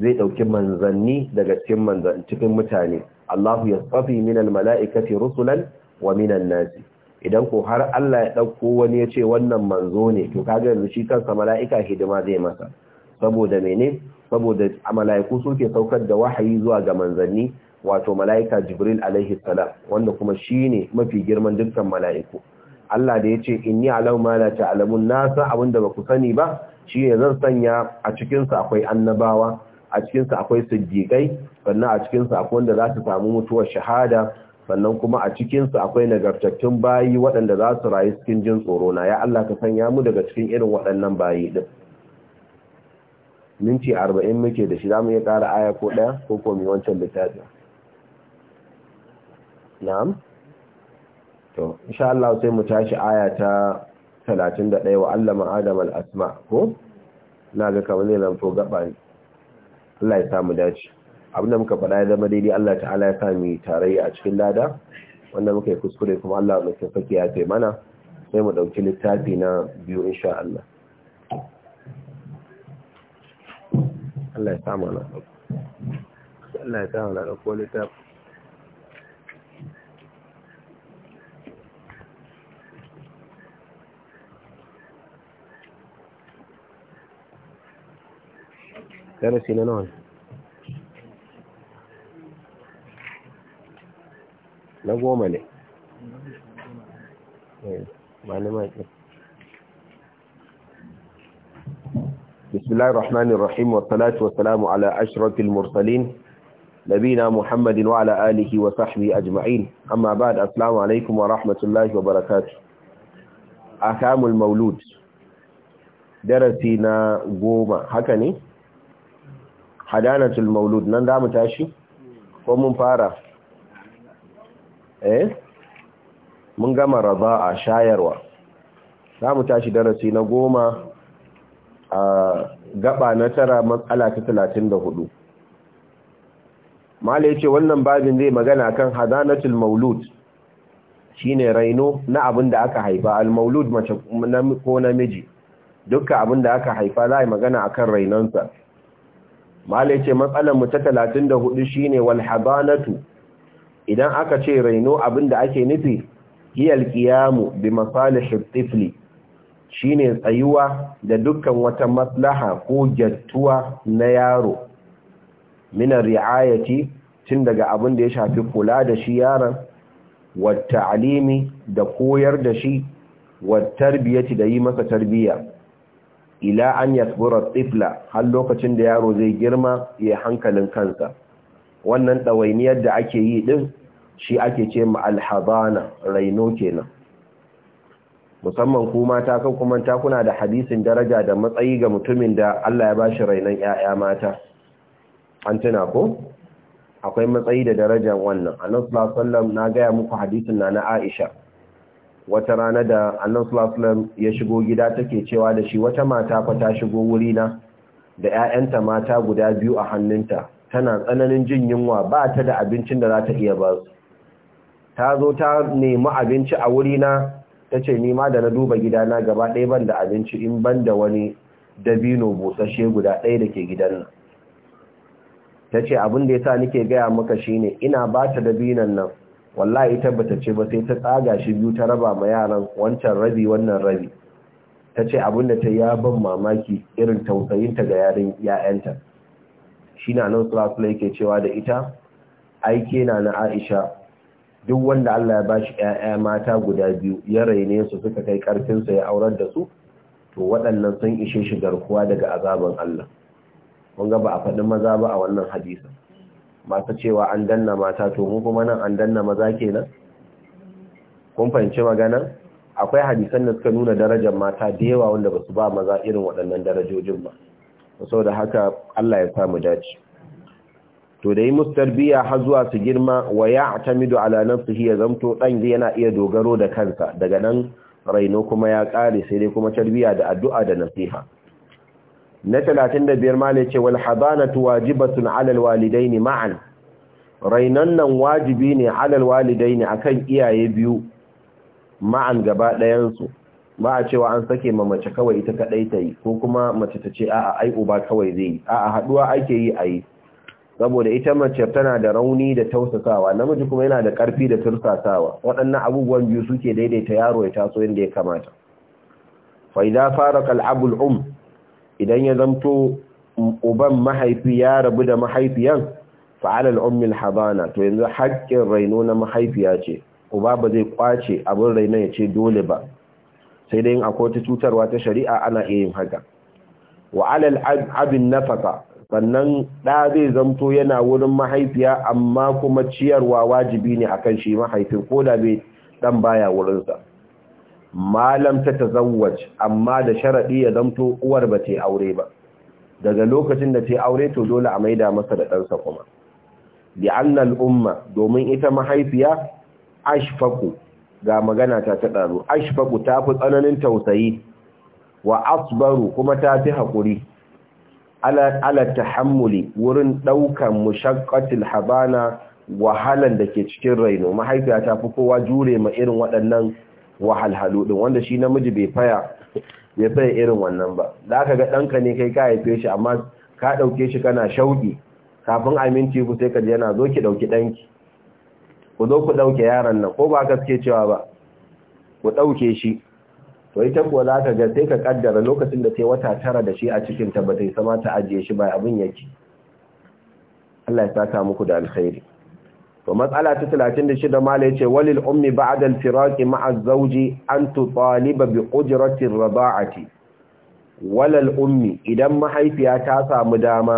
zai ɗauki manzanni daga cikin mutane. cikin mutane Allahu minan minal mala'ikati rusulan wa minan nasi idan ko har Allah ya ɗauko wani ya ce wannan manzo ne to kaga yanzu shi kansa mala'ika hidima zai masa saboda mene saboda mala'iku suke saukar da wahayi zuwa ga manzanni wato mala'ika jibril alaihi salam wanda kuma shi ne mafi girman dukkan mala'iku Allah da ya ce yace inni alau ma la ta'lamun nasa abinda ku sani ba Shi ne zan sanya a cikin akwai annabawa a cikin akwai siddiqai sannan a cikin akwai wanda za su samu mutuwar shahada sannan kuma a cikin akwai nagartattun bayi waɗanda za su rayu cikin jin tsoro na ya Allah ka sanya mu daga cikin irin waɗannan bayi din minti arba'in muke da shi zamu iya ƙara aya ko ɗaya ko komai wancan littafin na'am to insha Allah sai mu tashi aya ta 31 wa allama adam al-asma ko na ga kamar ne zan to gaba ne Allah ya samu dace abinda muka faɗa ya zama daidai Allah ta'ala ya sami tarayya a cikin lada wanda muka yi kuskure kuma Allah mai saki ya ce mana sai mu ɗauki littafi na biyu insha Allah Allah ya samu na ɗauko Allah ya samu na ɗauko littafi ત્યારે સિને ન مالي مالي مالي بسم الله الرحمن الرحيم والصلاة والسلام على أشرف المرسلين نبينا محمد وعلى آله وصحبه أجمعين أما بعد السلام عليكم ورحمة الله وبركاته أحكام المولود درسنا قوما هكذا hadanatul maulud nan za mu tashi ko mun fara eh mun gama raza'a shayarwa za mu tashi darasi na goma a gaba na tara matsala ta talatin da hudu mala ya ce wannan babin zai magana kan hadanatul maulud shine raino na abin da aka haifa al-maulud mace ko namiji dukkan abin da aka haifa za a yi magana akan rainonsa malai ce matsalar mu ta 34 shine wal walhabanatu, idan aka ce raino abin da ake nufi hiyal qiyamu bi masalihit tifli shine tsayuwa da dukkan wata maslaha ko jattuwa na yaro minar ri'ayati tun daga abin da ya shafi kula da shi yaron wata alimi da koyar da shi wata tarbiyyati da yi masa tarbiyya ila an yasbura tifla har lokacin da yaro zai girma ya hankalin kansa wannan ɗawainiyar da ake yi din shi ake ce ma alhabana raino kenan musamman ku mata kan kuma ta kuna da hadisin daraja da matsayi ga mutumin da Allah ya bashi rainon 'ya'ya mata an tuna ko akwai matsayi da darajar wannan annabi sallallahu na gaya muku hadisin na na Aisha wata rana da annan sulasulam ya shigo gida take cewa da shi wata mata fa ta shigo wurina da 'ya'yanta mata guda biyu a hannunta tana tsananin jin yunwa ba ta da abincin da za ta iya ba ta zo ta nemi abinci a wurina ta ce nima da na duba gidana gaba ɗaya ban da abinci in ban da wani dabino busashe guda ɗaya da ke gidan nan ta ce abin da ya sa nike gaya maka shine ina ba ta dabinan nan wallahi tabbata ce ba sai ta tsaga shi biyu ta raba ma yaran wancan rabi wannan rabi ta ce abinda ta yi ban mamaki irin tausayinta ga yarin ya'yanta shi na nan sulasula yake cewa da ita aike na na aisha duk wanda allah ya bashi ya'ya mata guda biyu ya raine su suka kai karfinsa ya aurar da su to waɗannan sun ishe shi garkuwa daga azaban allah kun ga ba a faɗi maza ba a wannan hadisin masu cewa an danna mata to mu kuma nan an danna maza kenan kun fahimci magana akwai hadisan da suka nuna darajar mata da yawa wanda basu ba maza irin waɗannan darajojin ba saboda haka Allah ya samu dace to da yi musu tarbiyya har zuwa su girma wa ya'tamidu atamidu ala nafsihi ya zamto dan yana iya dogaro da kansa daga nan raino kuma ya kare sai dai kuma tarbiya da addu'a da nasiha na talatin da biyar mala ce wal hadanatu wajibatun ala walidaini ma'an rainan nan wajibi ne ala walidaini akan iyaye biyu ma'an gaba ɗayansu su ba a cewa an sake ma mace kawai ita kadai ta yi ko kuma mace ta ce a'a ai uba kawai zai yi a'a haɗuwa ake yi a yi saboda ita mace tana da rauni da tausasawa namiji kuma yana da karfi da tursasawa waɗannan abubuwan biyu suke daidaita yaro ya taso yadda ya kamata fa idza faraka al abul um idan ya zamto uban mahaifi ya rabu da mahaifiyan fa'alal ummil habana to yanzu haƙƙin raino na mahaifiya ce uba ba zai kwace abin raino ya ce dole ba sai dai in akwai ta cutarwa ta shari'a ana iya yin haka wa alal abin nafaka sannan ɗa zai zamto yana wurin mahaifiya amma kuma ciyarwa wajibi ne akan shi mahaifin ko da bai dan baya wurinsa malam ta tazawwaj amma da sharadi ya zamto uwar ba ta aure ba daga lokacin da ta aure to dole a maida masa da ɗansa kuma li'anna al'umma domin ita mahaifiya ashfaqu ga magana ta ta daro ashfaqu ta fi tsananin tausayi wa asbaru kuma ta fi hakuri ala ala tahammuli wurin ɗaukan mushaqqatil habana wahalan da ke cikin raino mahaifiya ta fi kowa jure ma irin waɗannan wahalhalu din wanda shi namiji bai faya ya irin wannan ba da aka ga ɗanka ne kai ka haife shi amma ka ɗauke shi kana shauƙi kafin aminci ku sai ka yana zo ki ɗauki ɗanki ku zo ku ɗauke yaron nan ko ba ka suke cewa ba ku ɗauke shi to ita kuwa za ka ga sai ka ƙaddara lokacin da sai wata tara da shi a cikin ta ba ta sama ta ajiye shi ba abin yake Allah ya saka muku da alkhairi to matsala ta 36 mala yace walil ummi ba'da al-firaqi ma'a zawji an tutaliba bi ujrati ar walal ummi idan mahaifiya ta samu dama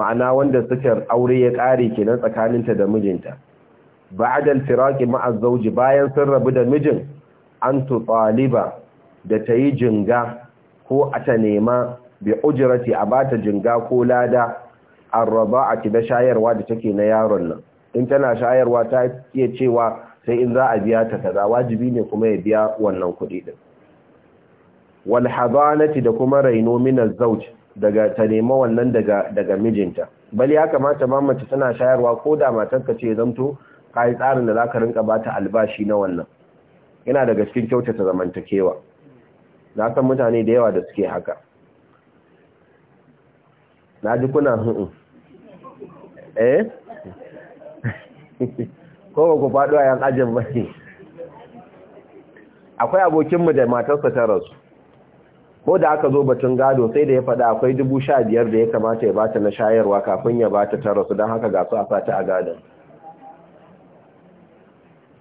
ma'ana wanda suke aure ya kare kenan tsakaninta da mijinta ba'da al-firaqi ma'a zawji bayan sun rabu da mijin an tutaliba da tayi jinga ko a ta nema bi ujrati a bata jinga ko lada ar-rada'ati da shayarwa da take na yaron nan in tana shayarwa ta iya cewa sai in za a biya ta kaza wajibi ne kuma ya biya wannan kuɗi din wal hadanati da kuma raino min azwaj daga ta nemi wannan daga daga mijinta bali ya kamata ma tana shayarwa ko da matar ka ce zamto kai tsarin da zaka rinka bata albashi na wannan yana daga cikin kyautata zamantakewa na san mutane da yawa da suke haka na ji kuna eh [laughs] ko ba ku faɗo a yan ajin ba ne akwai abokinmu da matarsa ta rasu ko da aka zo batun gado sai da ya faɗa akwai dubu sha biyar da ya kamata ya bata na shayarwa kafin ya bata ta rasu don haka ga su a fata a gadon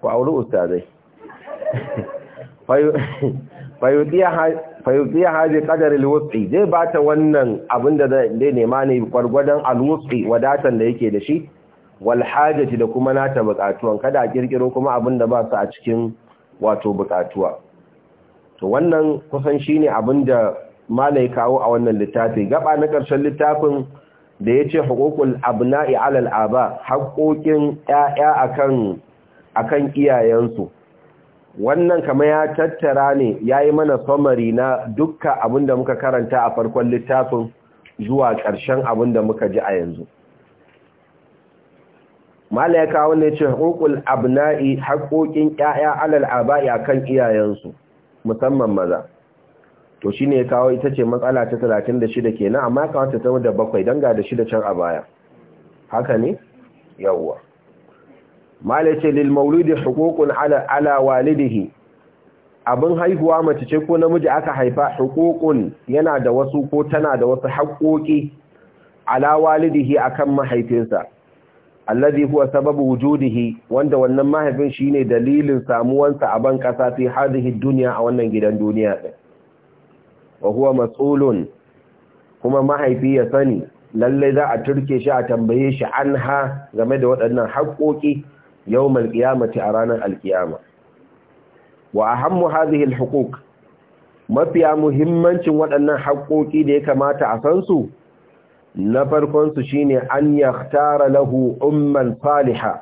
ku auri ustazai [laughs] fayuɗiya [laughs] haji ƙadarin wutsi zai bata wannan abin da zai nema ne gwargwadon alwutsi wadatan da yake da shi wal hajati da kuma nata bukatuwan kada a kirkiro kuma abinda da ba su a cikin wato bukatuwa to wannan kusan shine abinda da malai kawo a wannan littafin, gaba na ƙarshen littafin da yace huququl abna'i 'ala al-aba haƙoƙin 'ya'ya akan akan iyayensu wannan kama ya tattara ne yayi mana samari na dukkan abinda muka karanta a farkon littafin zuwa ƙarshen abinda muka ji a yanzu mala ya kawo ne ce hukul abna'i haƙoƙin ƴaƴa alal aba'i akan iyayensu musamman maza to ne ya kawo ita ce matsala ta talatin da shida kenan amma kawanta ta da bakwai dan ga da shida can a baya haka ne yawwa mala ce lil maulidi hukukun ala ala walidihi abin haihuwa mace ce ko namiji aka haifa hukukun yana da wasu ko tana da wasu haƙoƙi ala walidihi akan mahaifinsa alladhi huwa sababu wujudihi wanda wannan mahaifin shine dalilin samuwansa a ban kasa fi hadhihi dunya a wannan gidan duniya din wa huwa mas'ulun kuma mahaifi ya sani lalle za a turke shi a tambaye shi anha game da waɗannan haƙoƙi yawmal qiyamati a ranar alkiyama wa ahammu hadhihi alhuquq mafiya muhimmancin waɗannan haƙoƙi da ya kamata a san su na farkon su shine an yaktara lahu umman saliha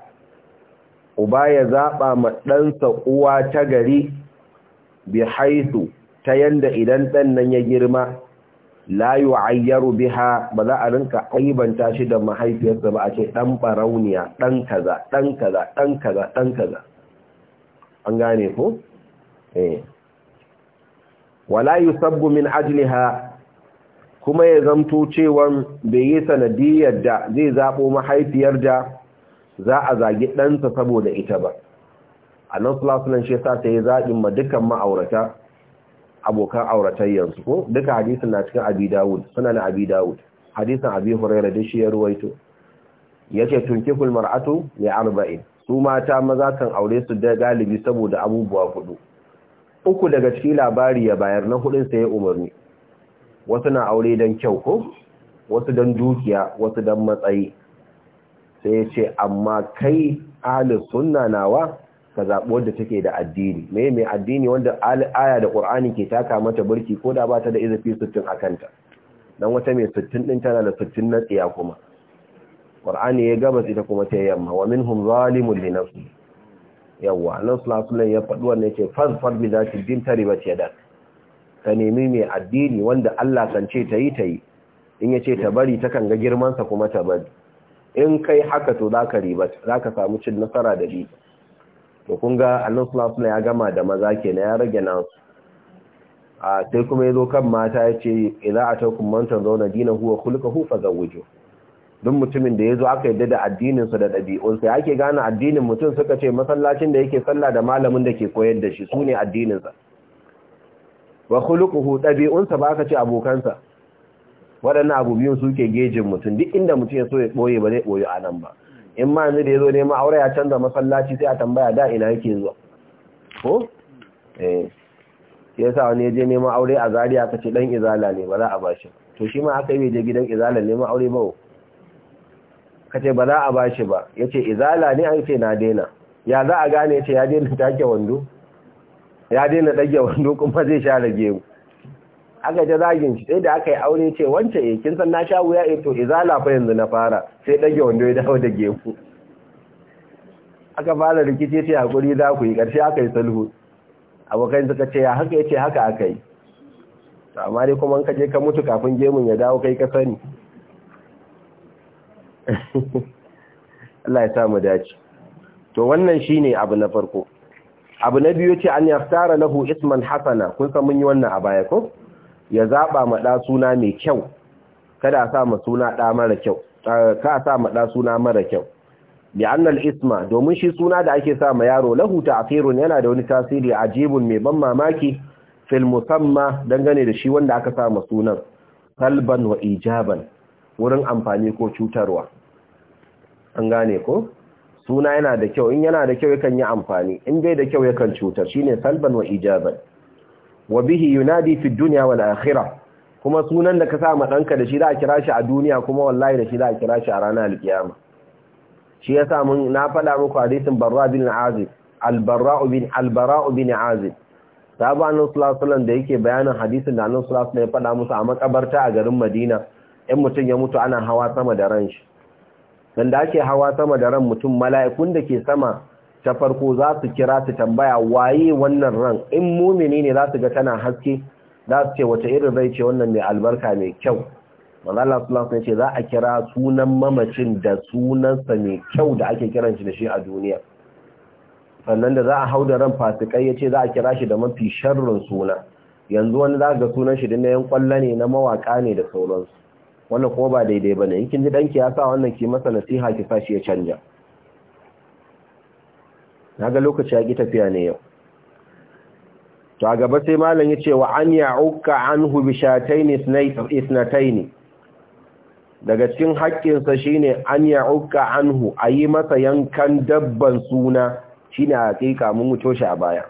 uba ya zaba ma ɗansa uwa ta gari bi haitu ta yanda idan ɗannan ya girma la yu'ayyaru biha ba za a rinka aibanta shi da mahaifiyarsa ba a ce dan barauniya dan kaza dan kaza dan kaza dan kaza an gane ko eh wala yusabbu min ajliha kuma ya zamto cewan bai yi sanadiyar da zai zaɓo mahaifiyar da za a zagi ɗansa saboda ita ba a nan sulasulan shi sa ta yi zaɓin ma dukkan ma'aurata abokan yanzu ko duka hadisun na cikin abi dawud suna na abi dawud hadisin abi Hurera da shi ya ruwaito ya ce kulmar ato ya arba'in su mata maza kan aure su da galibi saboda abubuwa hudu uku daga cikin labari ya bayar na hudun sai ya umarni wasu na aure don kyau ko wasu don dukiya wasu don matsayi sai ce amma kai ahlus sunna nawa ka zaɓo da take da addini me mai addini wanda aya da ƙur'ani ke taka mata burki ko da ba ta da izafi a akanta Don wata mai sittin ɗin tana da sittin na tsiya kuma Ƙur'ani ya gabas ita kuma ta yamma wa min minhum zalimun li nafsi Yawwa, Allah sallallahu ya faɗi wannan yake fazfar bi ta din taribat yadak ka nemi mai addini wanda Allah kan ce ta yi ta yi in ya ce ta bari ta kan ga girmansa kuma ta bari in kai haka to za ka riba za ka samu cin nasara da bi to kun ga annan na ya gama da maza ke na ya rage nasu a sai kuma ya zo kan mata ya ce iza a ta kumantar zauna dina huwa kulka hufa ga wujo duk mutumin da ya zo aka yadda da sa da ɗabi'unsa ya ke gane addinin mutum suka ce masallacin da yake sallah da malamin da ke koyar da shi su ne addininsa wa khuluquhu dabi'unsa ba aka ce abokansa wadannan abu biyun suke gejin mutum duk inda mutum ya so ya boye ba zai boye a nan ba in ma yanzu da ya zo neman aure ya canza masallaci sai a tambaya da ina yake zuwa ko eh ya sa wani ya je neman aure a Zariya ka ce dan izala ne ba za a bashi to shi ma aka yi je gidan izala neman aure ba ka ce ba za a bashi ba ya ce izala ne an ce na daina ya za a gane ya ce ya dena take wando ya daina ɗage wando kuma zai sha rage mu aka ta zagin shi sai da aka yi aure ce wancan e, eh, kin san na sha wuya eh to izala fa yanzu na fara sai dage wando ya dawo da gefu aka fara rikice ce hakuri za ku yi karshe aka yi sulhu abokan suka ce ya haka yace haka aka yi to amma dai kuma ka je ka mutu kafin gemun ya dawo kai ka sani [laughs] Allah ya sa dace to wannan shine abu na farko abu na biyu ce an yaftara lahu isman hasana kun san mun yi wannan a baya ko ya zaba ma da suna mai kyau kada a sa ma suna da mara kyau eh, ka sa ma da suna mara kyau bi annal isma domin shi suna da ake sa ma yaro lahu ta'thirun yana da wani tasiri ajibun mai ban mamaki fil musamma dangane da shi wanda aka sa ma sunan Kalban wa ijaban wurin amfani ko cutarwa an gane ko suna yana da kyau in yana da kyau yakan yi amfani in bai da kyau yakan cutar shine salban wa ijaban wa bihi yunadi fi dunya wal akhirah kuma sunan da ka sa ma danka da shi da kira shi a duniya kuma wallahi da shi da kira shi a ranar alkiyama shi yasa mun na fada muku hadisin barra bin azib al-barra bin al-bara bin azib sallallahu da yake bayanin hadisin da annabi sallallahu ya fada musu a makabarta a garin Madina in mutun ya mutu ana hawa sama da ran shi sanda ake hawa sama da ran mutum mala'ikun da ke sama ta farko za su kira su tambaya waye wannan ran in mumini ne za su ga tana haske za su ce wace irin rai ce wannan mai albarka mai kyau manzala ya ce za a kira sunan mamacin da sunansa mai kyau da ake kiran shi da shi a duniya sannan da za a hau da ran fasikai ya ce za a kira shi da mafi sharrin suna yanzu wani za ga sunan shi da na yan kwallo ne na mawaka ne da sauransu wannan kuma ba daidai ba ne in kin ji danki ya sa wannan ki masa nasiha ki sa shi ya canja na ga lokaci ya ƙi tafiya ne yau to a gaba sai malam ya ce wa an ya'uka anhu bi shataini daga cikin haƙƙinsa shine an ya'uka anhu ayi masa yankan dabban suna shine haƙiƙa mun wuto a baya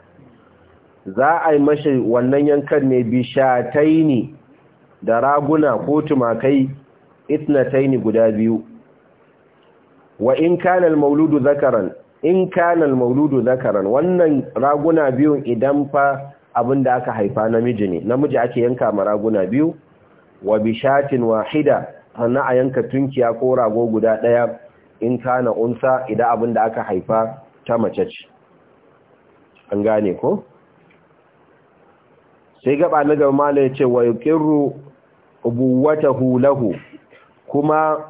za a yi mashi wannan yankan ne bi shataini da raguna ko tumakai itnataini guda biyu wa in kana al-mauludu zakaran in kana al zakaran wannan raguna biyu idan fa abinda aka haifa namiji ne namiji ake yanka ma raguna biyu wa bishatin wahida sannan a yanka tunkiya ko rago guda daya in kana unsa idan abinda aka haifa ta mace ce an gane ko sai gaba na gaba mala ce wa yuqirru ubuwatahu lahu kuma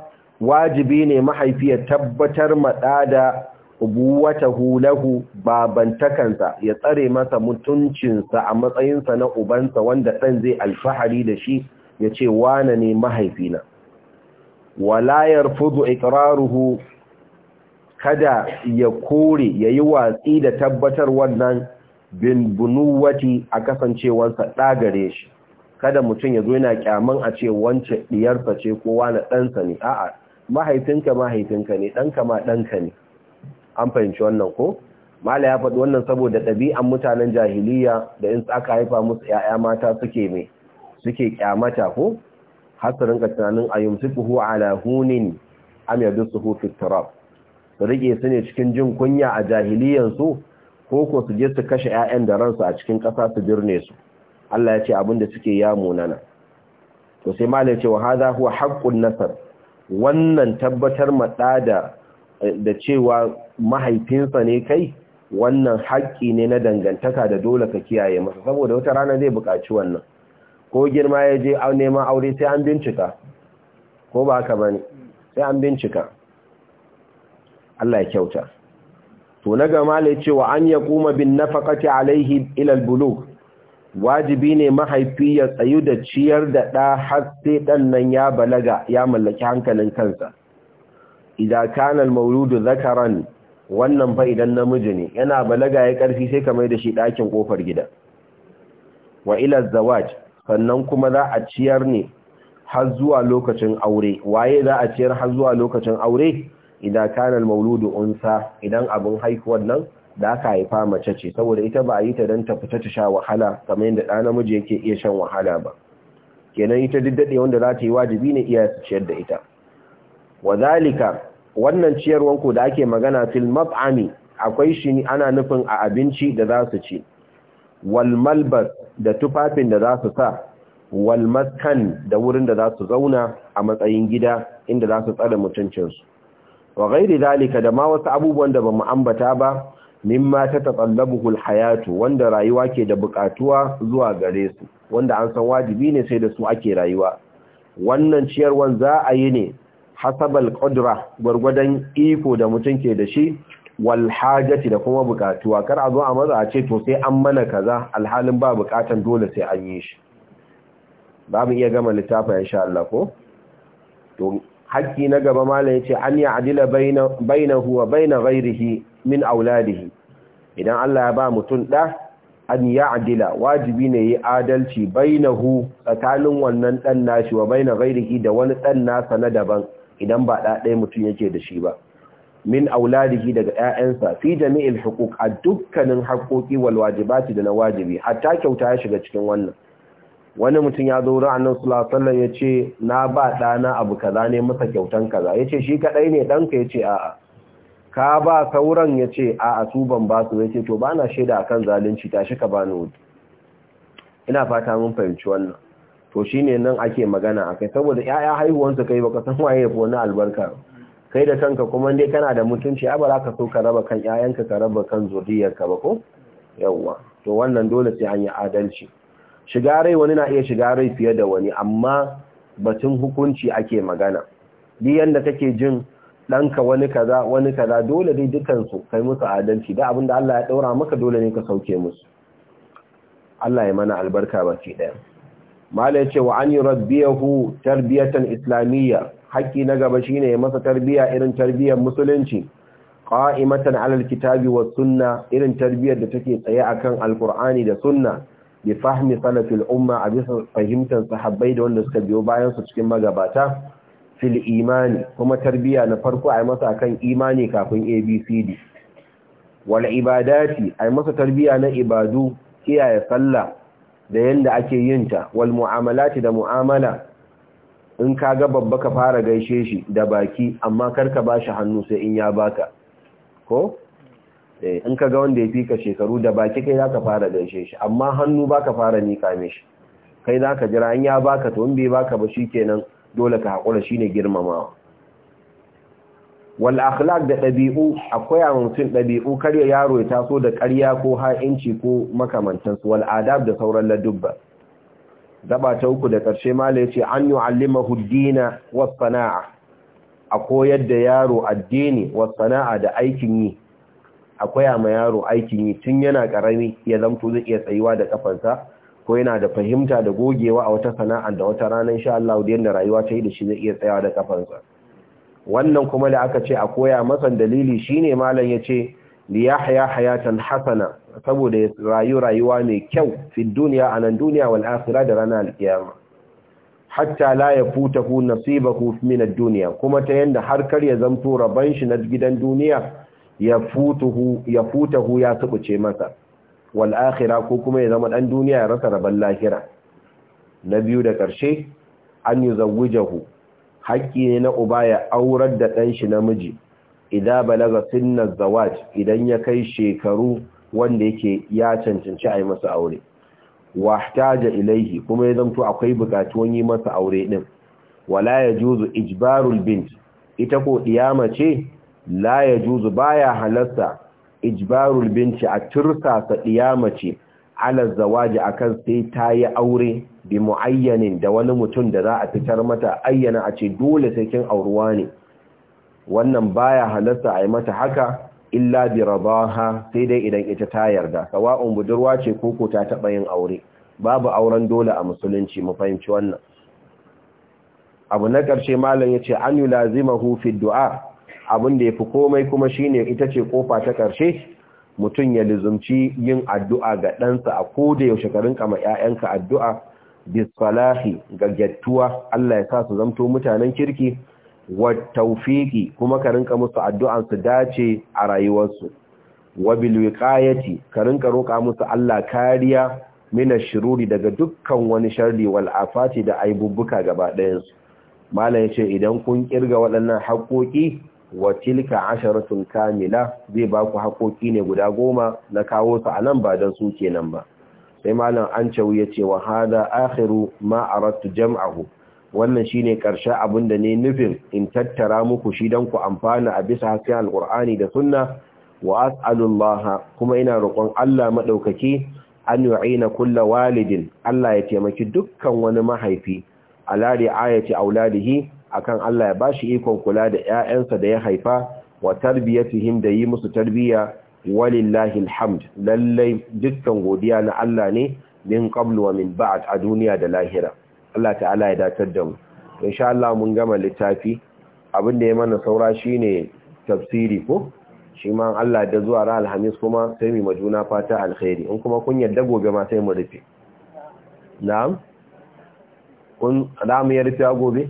wajibi ne mahaifi ya tabbatar maɗa da ubuwatahu lahu babantakansa ya tsare masa mutuncinsa a matsayinsa na ubansa wanda ɗan zai alfahari da shi ya ce wane ne mahaifina wala yarfudu iqraruhu kada ya kore ya yi watsi da tabbatar wannan bin bunuwati a kasancewarsa ɗagare shi kada mutum ya zo yana kyaman a ce wance diyarsa ce kowa na ɗansa ne a'a mahaifinka mahaifinka ne ɗanka ma ɗanka ne an fahimci wannan ko mala ya faɗi wannan saboda ɗabi'an mutanen jahiliya da in aka haifa musu ‘ya'ya mata suke mai suke kyamata ko hasarin ka tunanin a yumsifuhu ala hunin am yadsuhu fi tarab su rike su ne cikin jin kunya a jahiliyan su ko ko su je su kashe ‘ya'yan da ransu a cikin ƙasa su birne su Allah ya ce abinda suke ya munana to sai malai ce wa hadha huwa haqqun nasar wannan tabbatar mada da cewa mahaifinsa ne kai wannan haƙƙi ne na dangantaka da dole ka kiyaye masa saboda wata rana zai buƙaci wannan ko girma ya je neman aure sai an bincika ko ba haka bane sai an bincika Allah ya kyauta to na ga malai cewa an ya kuma bin nafaqati alaihi ila albulugh wajibi ne mahaifi ya tsayu da ciyar da ɗa har sai ɗan nan ya balaga ya mallaki hankalin kansa idan kanal mauludu zakaran wannan fa idan namiji ne yana balaga ya karfi sai ka mai da shi ɗakin ƙofar gida wa ila zawaj sannan kuma za a ciyar ne har zuwa lokacin aure waye za a ciyar har zuwa lokacin aure idan kanal mauludu unsa idan abin haihuwar nan da aka haifa mace ce saboda ita ba a yi ta don ta fita ta sha wahala kamar yadda ɗa namiji yake iya shan wahala ba kenan ita duk daɗe wanda za ta yi wajibi ne iya su ciyar da ita wa zalika wannan ciyarwan ku da ake magana fil mab'ami akwai shi ana nufin a abinci da za su ci wal malbas da tufafin da za su sa wal maskan da wurin da za su zauna a matsayin gida inda za su tsare mutuncinsu wa gairi zalika da ma wasu abubuwan da ba mu ambata ba mimma ta tatallabuhu alhayatu wanda rayuwa ke da buƙatuwa zuwa gare su wanda an san wajibi ne sai da su ake rayuwa wannan ciyarwan za a yi ne hasabal qudra gwargwadon iko da mutum ke da shi wal da kuma buƙatuwa. kar a zo a maza a ce to sai an mana kaza alhalin ba bukatan dole sai an yi shi ba mu iya gama littafa insha Allah ko to hakki na gaba malam yace an ya adila baina bainahu wa baina ghairihi min auladihi idan Allah ya ba mutum ɗa an ya adila wajibi ne yi adalci bainahu tsakanin wannan ɗan nashi wa baina gairiki da wani ɗan nasa na daban idan ba ɗa ɗaya mutum yake da shi ba min auladihi daga ƴaƴansa fi jami'il huquq a dukkanin haƙoƙi wal wajibati da na wajibi hatta kyauta ya shiga cikin wannan wani mutum ya zo ran annabi sallallahu alaihi wasallam yace na ba ɗana abu kaza ne masa kyautan kaza yace shi kadai ne danka yace a'a ka ba sauran ya ce a asu ban ba su ya ce to ba na shaida akan zalunci tashi ka bani wuce ina fata mun fahimci wannan to shine nan ake magana a kai? saboda yaya haihuwansa kai baka san waye ya wani albarka kai da kanka kuma dai kana da mutunci a ba za ka so ka raba kan yayanka ka raba kan zuriyarka ba ko yawwa to wannan dole sai an yi adalci shiga rai wani na iya shiga rai fiye da wani amma batun hukunci ake magana duk yanda kake jin ɗanka wani kaza wani kaza dole dai dukansu kai musu adalci da abinda Allah ya ɗaura maka dole ne ka sauke musu Allah ya mana albarka baki ɗaya mala ya ce wa an yi rabbiyahu tarbiyatan islamiyya haƙƙi na gaba shine ya masa tarbiyya irin tarbiyyar musulunci qa'imatan alal kitabi wa sunna irin tarbiyyar da take tsaye akan alqur'ani da sunna bi fahmi salafil umma a bisa fahimtar sahabbai da wanda suka biyo bayansu cikin magabata fil imani kuma tarbiya na farko a yi masa kan imani kafin abcd wal ibadati a masa tarbiya na ibadu kiyaye sallah da yanda ake yin ta wal mu'amalati da mu'amala in ka ga babba ka fara gaishe shi da baki amma kar ka shi hannu sai in ya baka ko eh, in ka ga wanda ya fi ka shekaru da baki kai za ka fara gaishe shi amma hannu ba ka fara nika mishi kai za ka jira in ya baka to in bai baka ba shi kenan dole ka haƙura shine girmamawa wal akhlaq da ɗabi'u akwai a mutum Kar karya yaro ya taso da ƙarya ko ha'inci ko makamantansu. wal adab da sauran ladubba zaba ta uku da ƙarshe mala yace an yi ad hudina was sana'a a koyar da yaro addini was sana'a da aikin yi akwai ma yaro aikin yi tun yana ƙarami, ya zamto zai iya tsayuwa da ƙafarsa. ko yana da fahimta da gogewa a wata sana'a da wata rana insha Allah da yanda rayuwa ta yi da shi zai iya tsayawa da kafansa wannan kuma da aka ce a koya masa dalili shine malam yace li yahya hayatan hasana saboda ya rayu rayuwa mai kyau fi duniya anan duniya wal akhirah da ranar alkiyama hatta la yafutahu nasibahu min ad-dunya kuma ta yanda har kar ya zanto rabon shi na gidan duniya ya futuhu ya futahu ya tubuce masa wal ko kuma ya zama ɗan duniya ya rasa rabon lahira na biyu da ƙarshe an yi yuzawwijahu haƙƙi ne na uba ya aurar da ɗan shi namiji idan balaga Sinna zawaj idan ya kai shekaru wanda yake ya cancanci a yi masa aure wahtaja ilaihi kuma ya zamto akwai buƙatuwan yi masa aure ɗin. wala ya juzu ijbarul bint ita ko diyama ce la ya juzu, baya halarta ijbarul Binci a tursasa ɗiyamace ala zawaji kan sai ta yi aure bi mu'ayyanin da wani mutum da za a fitar mata ayyana a ce dole sai kin auruwa ne wannan baya halarta a yi mata haka illa bi rabaha sai dai idan ita ta yarda sawa'un budurwa ce koko ta taɓa yin aure babu auren dole a musulunci mu fahimci wannan abu na ƙarshe malam ya ce an yulazimahu fi du'a abin da ya fi komai kuma shi ne ita ce kofa ta ƙarshe mutum ya lizumci yin addu'a ga ɗansa a da yaushe ka rinka ma ‘ya'yanka addu'a bisalahi ga gyattuwa Allah ya sa su zamto mutanen kirki wa taufiki kuma ka rinka musu addu'an su dace a rayuwarsu wa bilwiqayati ka rinka roƙa musu Allah kariya mina shiruri daga dukkan wani sharri wal afati da aibubbuka gaba ɗayansu malam ya ce idan kun kirga waɗannan haƙoƙi Watilka tilka asharatun kamila zai ba ku haƙoƙi ne guda goma na kawo su a nan ba don su kenan ba sai malam an ya ce wa hada akhiru ma aradtu jam'ahu wannan shine ƙarshe abin da ne nufin in tattara muku shi dan ku amfana a bisa hasken alqur'ani da sunna wa as'alullaha kuma ina roƙon Allah maɗaukaki. an yu'ina kulla walidin Allah ya taimaki dukkan wani mahaifi ala ri'ayati auladihi akan Allah ya bashi ikon kula da ƴaƴansa da ya haifa wa tarbiyatihim da yi musu tarbiya walillahi alhamd lallai dukkan godiya na Allah ne min qablu wa min ba'd a duniya da lahira Allah ta'ala ya datar da mu insha Allah mun gama littafi abin da ya mana saura shine tafsiri ko shi ma Allah da zuwa ra alhamis kuma sai mu majuna fata alkhairi in kuma kun yarda gobe ma sai mu rufe na'am kun da mu yarda gobe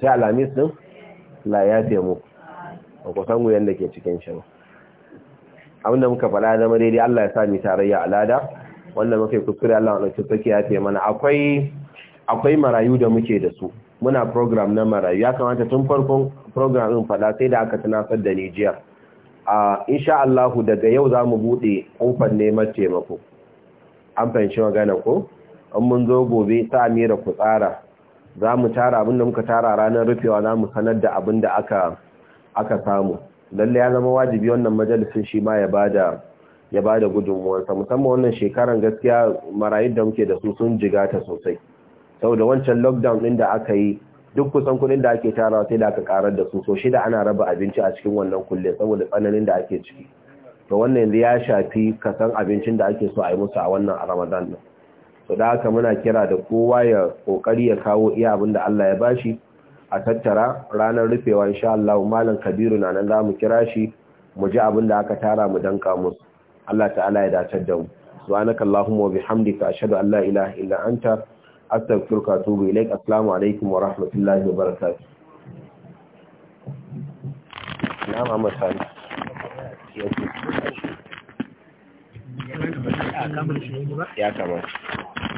sai alamis din la ya fi mu ba ku wuyan da ke cikin shi abinda muka faɗa na daidai Allah ya sa ni tarayya alada wanda muka yi kuskure Allah wannan tsaki ya ce mana akwai marayu da muke da su muna program na marayu ya kamata tun farkon program din faɗa sai da aka tunasar da ni jiya a insha Allah daga yau za mu buɗe kofar neman taimako an fahimci magana ko in mun zo gobe ta amira ku tsara za mu tara abin da muka tara ranar rufewa za mu sanar da abin da aka samu lalle ya zama wajibi wannan majalisun shi ma ya ba da bada gudunmuwarsa musamman wannan shekaran gaskiya marayun da muke da su sun jigata sosai saboda wancan lockdown din da aka yi duk kusan kudin da ake tarawa sai da aka karar da su so shida ana raba abinci a cikin wannan kulle saboda tsananin da ake ciki to wannan yanzu ya shafi kasan abincin da ake so a yi musu a wannan Ramadan din so da haka muna kira da kowa ya kokari ya kawo iya abin da Allah ya bashi a tattara ranar rufewa insha Allah malam Kabiru na nan zamu kira shi mu ji abin da aka tara mu danka musu Allah ta'ala ya dace da mu subhanaka allahumma wa bihamdika ashhadu an la ilaha illa anta astaghfiruka wa atubu ilaik assalamu alaikum wa rahmatullahi wa barakatuh na mama sani ya kamata